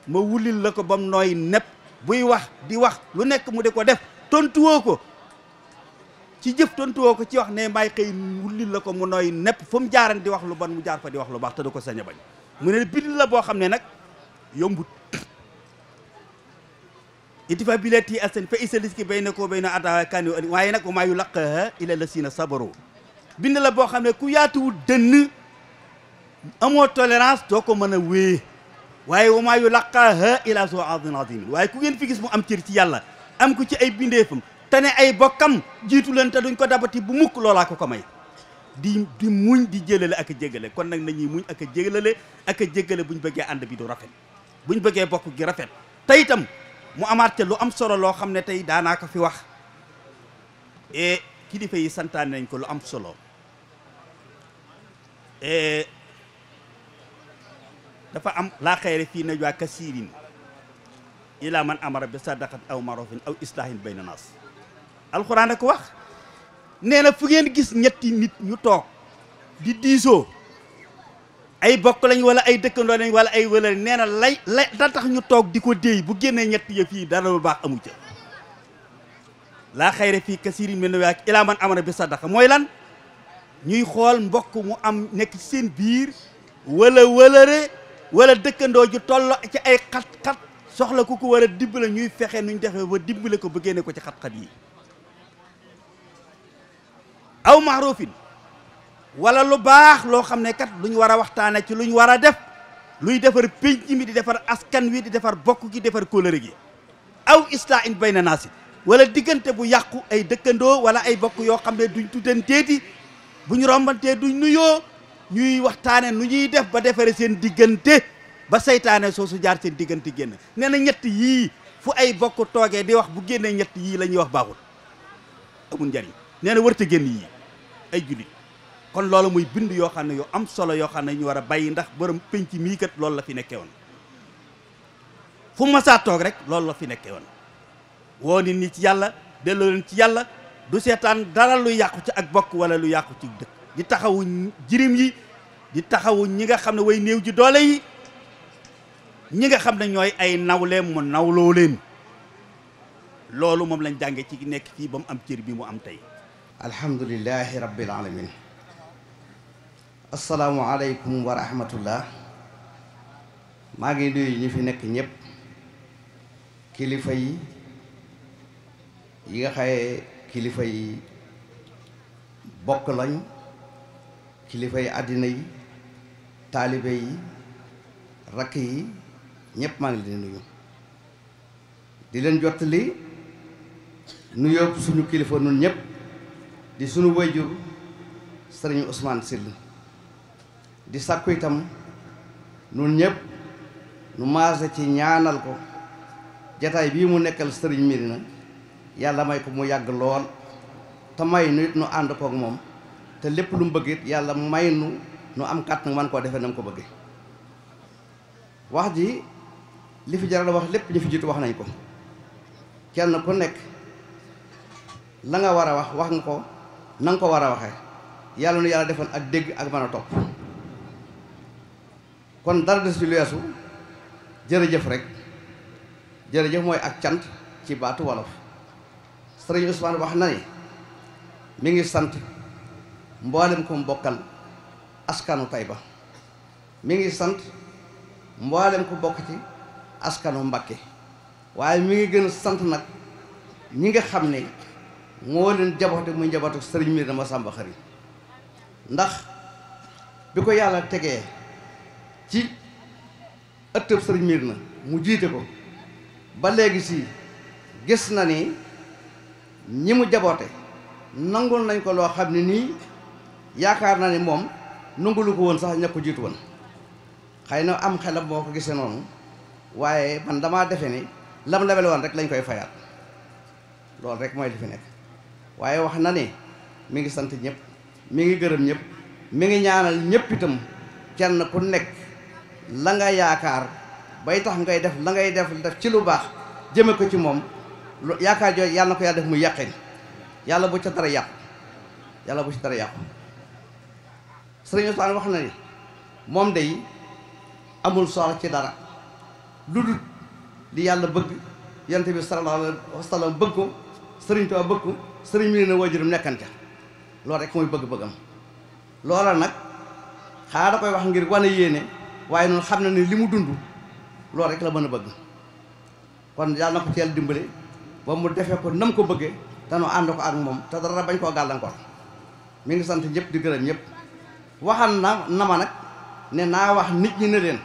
ma wulil la ko bam noy nepp buy wax di wax lu nekk mu di ko def tontuwoo ko ci jëf tontuwoo ko ci wax ne may xëy wulil la ko mu nooy nepp fa mu jaaran di wax lu ban mu jaar fa di wax lu baax te ko sañ a mu ne bind la boo xam ne nag yombut itifa bilati alsan fa isa liski bay na ko bay na adawa kan waaye nag maa yu laqaha ila la siina sabaro bind la boo xam ne ku yaatuwul dënn amoo tolérance doo ko mën a wée waaye wamaa yulaqaaha ila zu azin azim waaye ku ngeen fi gis mu am cër ci yàlla am ko ci ay bindeefam te ne ay bokkam jiitu leen te duñ ko dabati bu mukk loolaa ko ko may di di muñ di jëlale ak a jégale kon nag nañuy muñ ak a jégale ak a jégale buñ bëggee ànd bi du rafet buñ bëggee bokk gi rafet tey itam mu amaat te lu am solo loo xam ne tey daanaa ko fi wax e kilifa yi santaane nañ ko lu am solo eh, dafa am laa xayra fii najwaa kasiirin ilaa man amara bi sadaqat aw marufin aw islaahin bayna naas alxuraan a ko wax nee na fu ngeen gis ñetti nit ñu toog di diisoo ay bokk lañ wala ay dëkkandoo lañ wala ay wëlal nee na lay lay da tax ñu toog di ko déey bu génnee ñetti yëf yi dara lu baax amu ca laa xayra fii kasiirin min najwaa ilaa man amara bi sadaqa mooy lan ñuy xool mbokk mu am nekk ci seen biir wala wëlëre wala dëkkandoo ju toll ci ay xat-xat soxla ku ko war a dimbale ñuy fexe nuñ defee ba dimbale ko ba génne ko ci xat-xat yi aw maarufin wala lu baax loo xam ne kat luñ war a waxtaane ci luñ war a def luy defar pénc mi di defar askan wi di defar bokk gi defar kóllëre gi aw islaahin bayna naasi wala diggante bu yàqu ay dëkkandoo wala ay bokk yoo xam ne duñ tuddanteeti buñ rombantee duñ nuyoo ñuy waxtane nu ñuy def ba défer seen digënté ba saytane soosu jaar seen digënté genn néna ñett yi fu ay bokk togué di wax bu genné ñett yi lañuy wax baaxul amun jari néna wërta ay jullit kon loolu muy bind yo xamné yo am solo yo xamné ñu wara bayyi ndax borom penc mi kat loolu la fi nekké won fu sa tok rek loolu la fi nekké won woni ni ci yalla delloo len ci yalla du seetaan dara lu yaq ci ak bokk wala lu yaq ci dëkk di taxawu jirim yi di taxawu ñi nga xam ne way néew ji doole yi ñi nga xam ne ñooy ay nawleem mu nawloo leen loolu moom lañ jànge ci nekk fii ba mu am cër bii mu am tey alhamdulilahi rabbil alamin asalaamu aleykum wa rahmatullah maa ngi nuyu ñi fi nekk ñëpp kilifa yi yi nga xaye kilifa yi bokk lañ kilifa yi àddina yi taalibe yi rakk yi ñëpp maa ngi di nuyu di leen jottali nuyoo suñu kilifa nun ñëpp di suñu wayjur sëriñ Ousmane Sill di sàkku itam nun ñëpp nu maase ci ñaanal ko jataay bii mu nekkal sëriñ Mirina yàlla may ko mu yàgg lool te may nu nu ànd kook moom te lépp lu mu it yàlla may nu nu am kàttan man koo defee na mu ko bëggee wax ji li fi jaral wax lépp ñu fi jiitu wax nañ ko kenn ku nekk la nga war a wax wax nga ko na nga ko war a waxee yàlla nu yàlla defoon ak dégg ak mën a topp kon dara des ci lu weesu jërëjëf rek jërëjëf mooy ak cant ci baatu wolof sëriñ Ousmane wax na ni mi ngi sant mboolem ko mu bokkal askanu ba mi ngi sant mboolem ko bokk ci askanu Mbakke waaye mi ngi gën sant nag ñi nga xam ne moo leen jaboote muy njabootu sëriñ mi dama Sàmba ndax bi ko yàlla tegee ci ëttëb sëriñ miir na mu jiite ko ba léegi si gis na ni ñi mu jaboote nangul nañ ko loo xam ne nii yaakaar na ni moom nungulu ko won sax ñako jitu won woon am xelam boko gisse non waye man dama defé ni lam lebel won rek lañ koy fayat lool rek moy li nek waye wax na ni mi ngi sant ñep mi ngi gëreem ñep mi ngi ñaanal ñep itam kenn ku nek la nga yaakar bay tax ngay e def la ngay e def def ci lu baax jëme ko ci mom yaakar joy yalla ko yalla ya def mu yaqeen yalla bu ci dara yaq yalla bu ci dara yaq sëriñ Ousmane wax na ni moom day amul soxla ci dara lu dul li yàlla bëgg yonent bi sallallahu alayhi wa bëgg ko sëriñ Tuubaa bëgg ko sëriñ mi ne waajuram nekkante loolu rek mooy bëgg-bëggam loola nag xanaa da koy wax ngir wane yéene waaye noonu xam na ne li mu dund loolu rek la mën a bëgg kon yàlla na ko ci dimbale ba mu defee ko nam ko bëggee te nu ànd ko ak moom te dara bañ koo gàllankoor mi ngi sant ñëpp di gërëm ñëpp waxan na na ma nag ne naa wax nit ñi ne leen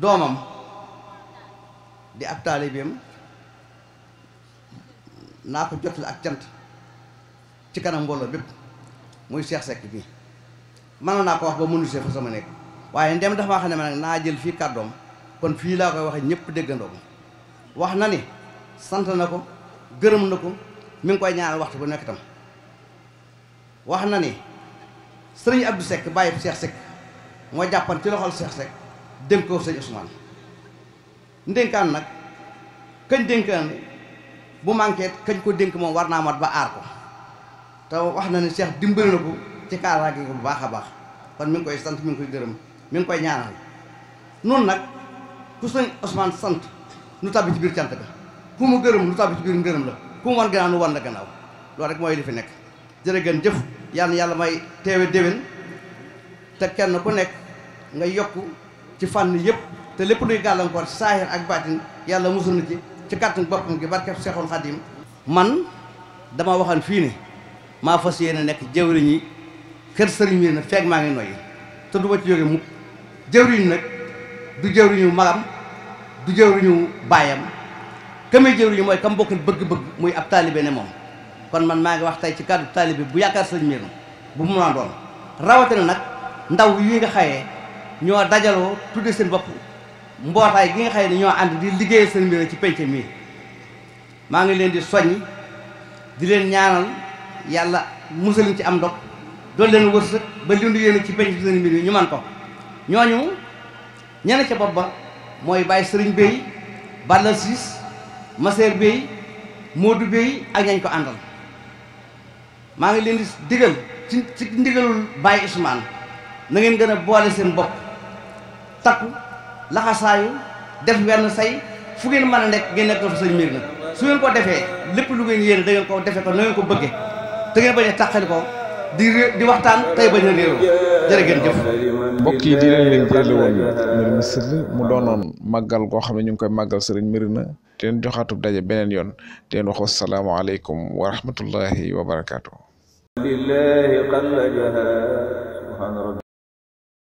doomam di ab taalibeem naa ko jotale ak cant ci kanam mbooloo bépp muy Seex Sekk bi mënoon naa ko wax ba mënusee fa sama nekk waaye ndem dafa xam ne ma nag naa jël fii kàddoom kon fii laa koy waxee ñëpp déggandoom wax na ni sant na ko gërëm na ko mi ngi koy ñaanal waxtu bu nekk tam wax na ni sëriñ Abdou Seck bàyyi Cheikh Seck moo jàppan ci loxol Cheikh Seck dénk ko sëñ Ousmane ndénkaan nag kañ dénkaan bu manqué këñ ko dénk moom war naa mat ba aar ko te wax na ne Cheikh dimbali na ko ci kaaraange ko bu baax a baax kon mi koy sant mi ngi koy gërëm mi ngi koy ñaanal noonu nag ku sëñ Ousmane sant nu tàbbi ci biir cant ga ku mu gërëm nu tàbbi ci biir ngërëm la ku mu wan gannaaw nu wan la gannaaw loolu rek mooy li fi nekk jërë ngeen jëf yàlla yàlla may teewe déwén te kenn ku nekk nga yokk ci fànn yëpp te lépp luy gàllankoor saahir ak baatin yàlla musul na ci ci kàttan boppam gi barkeb Seexul Xadim man dama waxan fii ne maa fas yéene nekk jëwriñ yi kër sëriñ bi ne feeg maa ngi noyyi te du ma ci jóge mukk jëwriñ nag du jëwriñu magam du jëwriñu baayam ka may jëwriñu mooy kam bokkal bëgg-bëgg muy ab taalibe ne moom kon man maa ngi wax tey ci kàddu taalibe bu yaakaar sëñ Meeru bu mu mën a doon nag ndaw yi nga xayee ñoo dajaloo tudde seen bopp mbootaay gi nga xayee ne ñoo ànd di liggéeyal sëñ Meeru ci penc mi maa ngi leen di soññ di leen ñaanal yàlla musalin ci am ndox doon leen wërsëg ba lindu yéen ci penc bi sëñ Meeru ñu man ko ñooñu ñene ca bopp ba mooy bàyyi sëriñ Bey Balla Siis Maseer Bey Moodu Bey ak ñañ ko àndal maa ngi leen di digal ci ci ndigalul baay Ousmane na ngeen gën a boole seen bopp takku laxasaayu def wenn say fu ngeen mën a nekk ngeen nekk fa sëñ miir la su ngeen ko defee lépp lu ngeen yéene da ngeen koo defee ko na ngeen ko bëggee te ngeen bañ a ko di waxtaan tey bañ a réew jërë mbokk yi di leen leen jëlee woon Merina Syll mu doonoon màggal goo xam ne ñu ngi koy màggal sëriñ Merina te leen joxaatub daje beneen yoon te leen wax wasalaamaaleykum wa rahmatullahi wa barakaatu.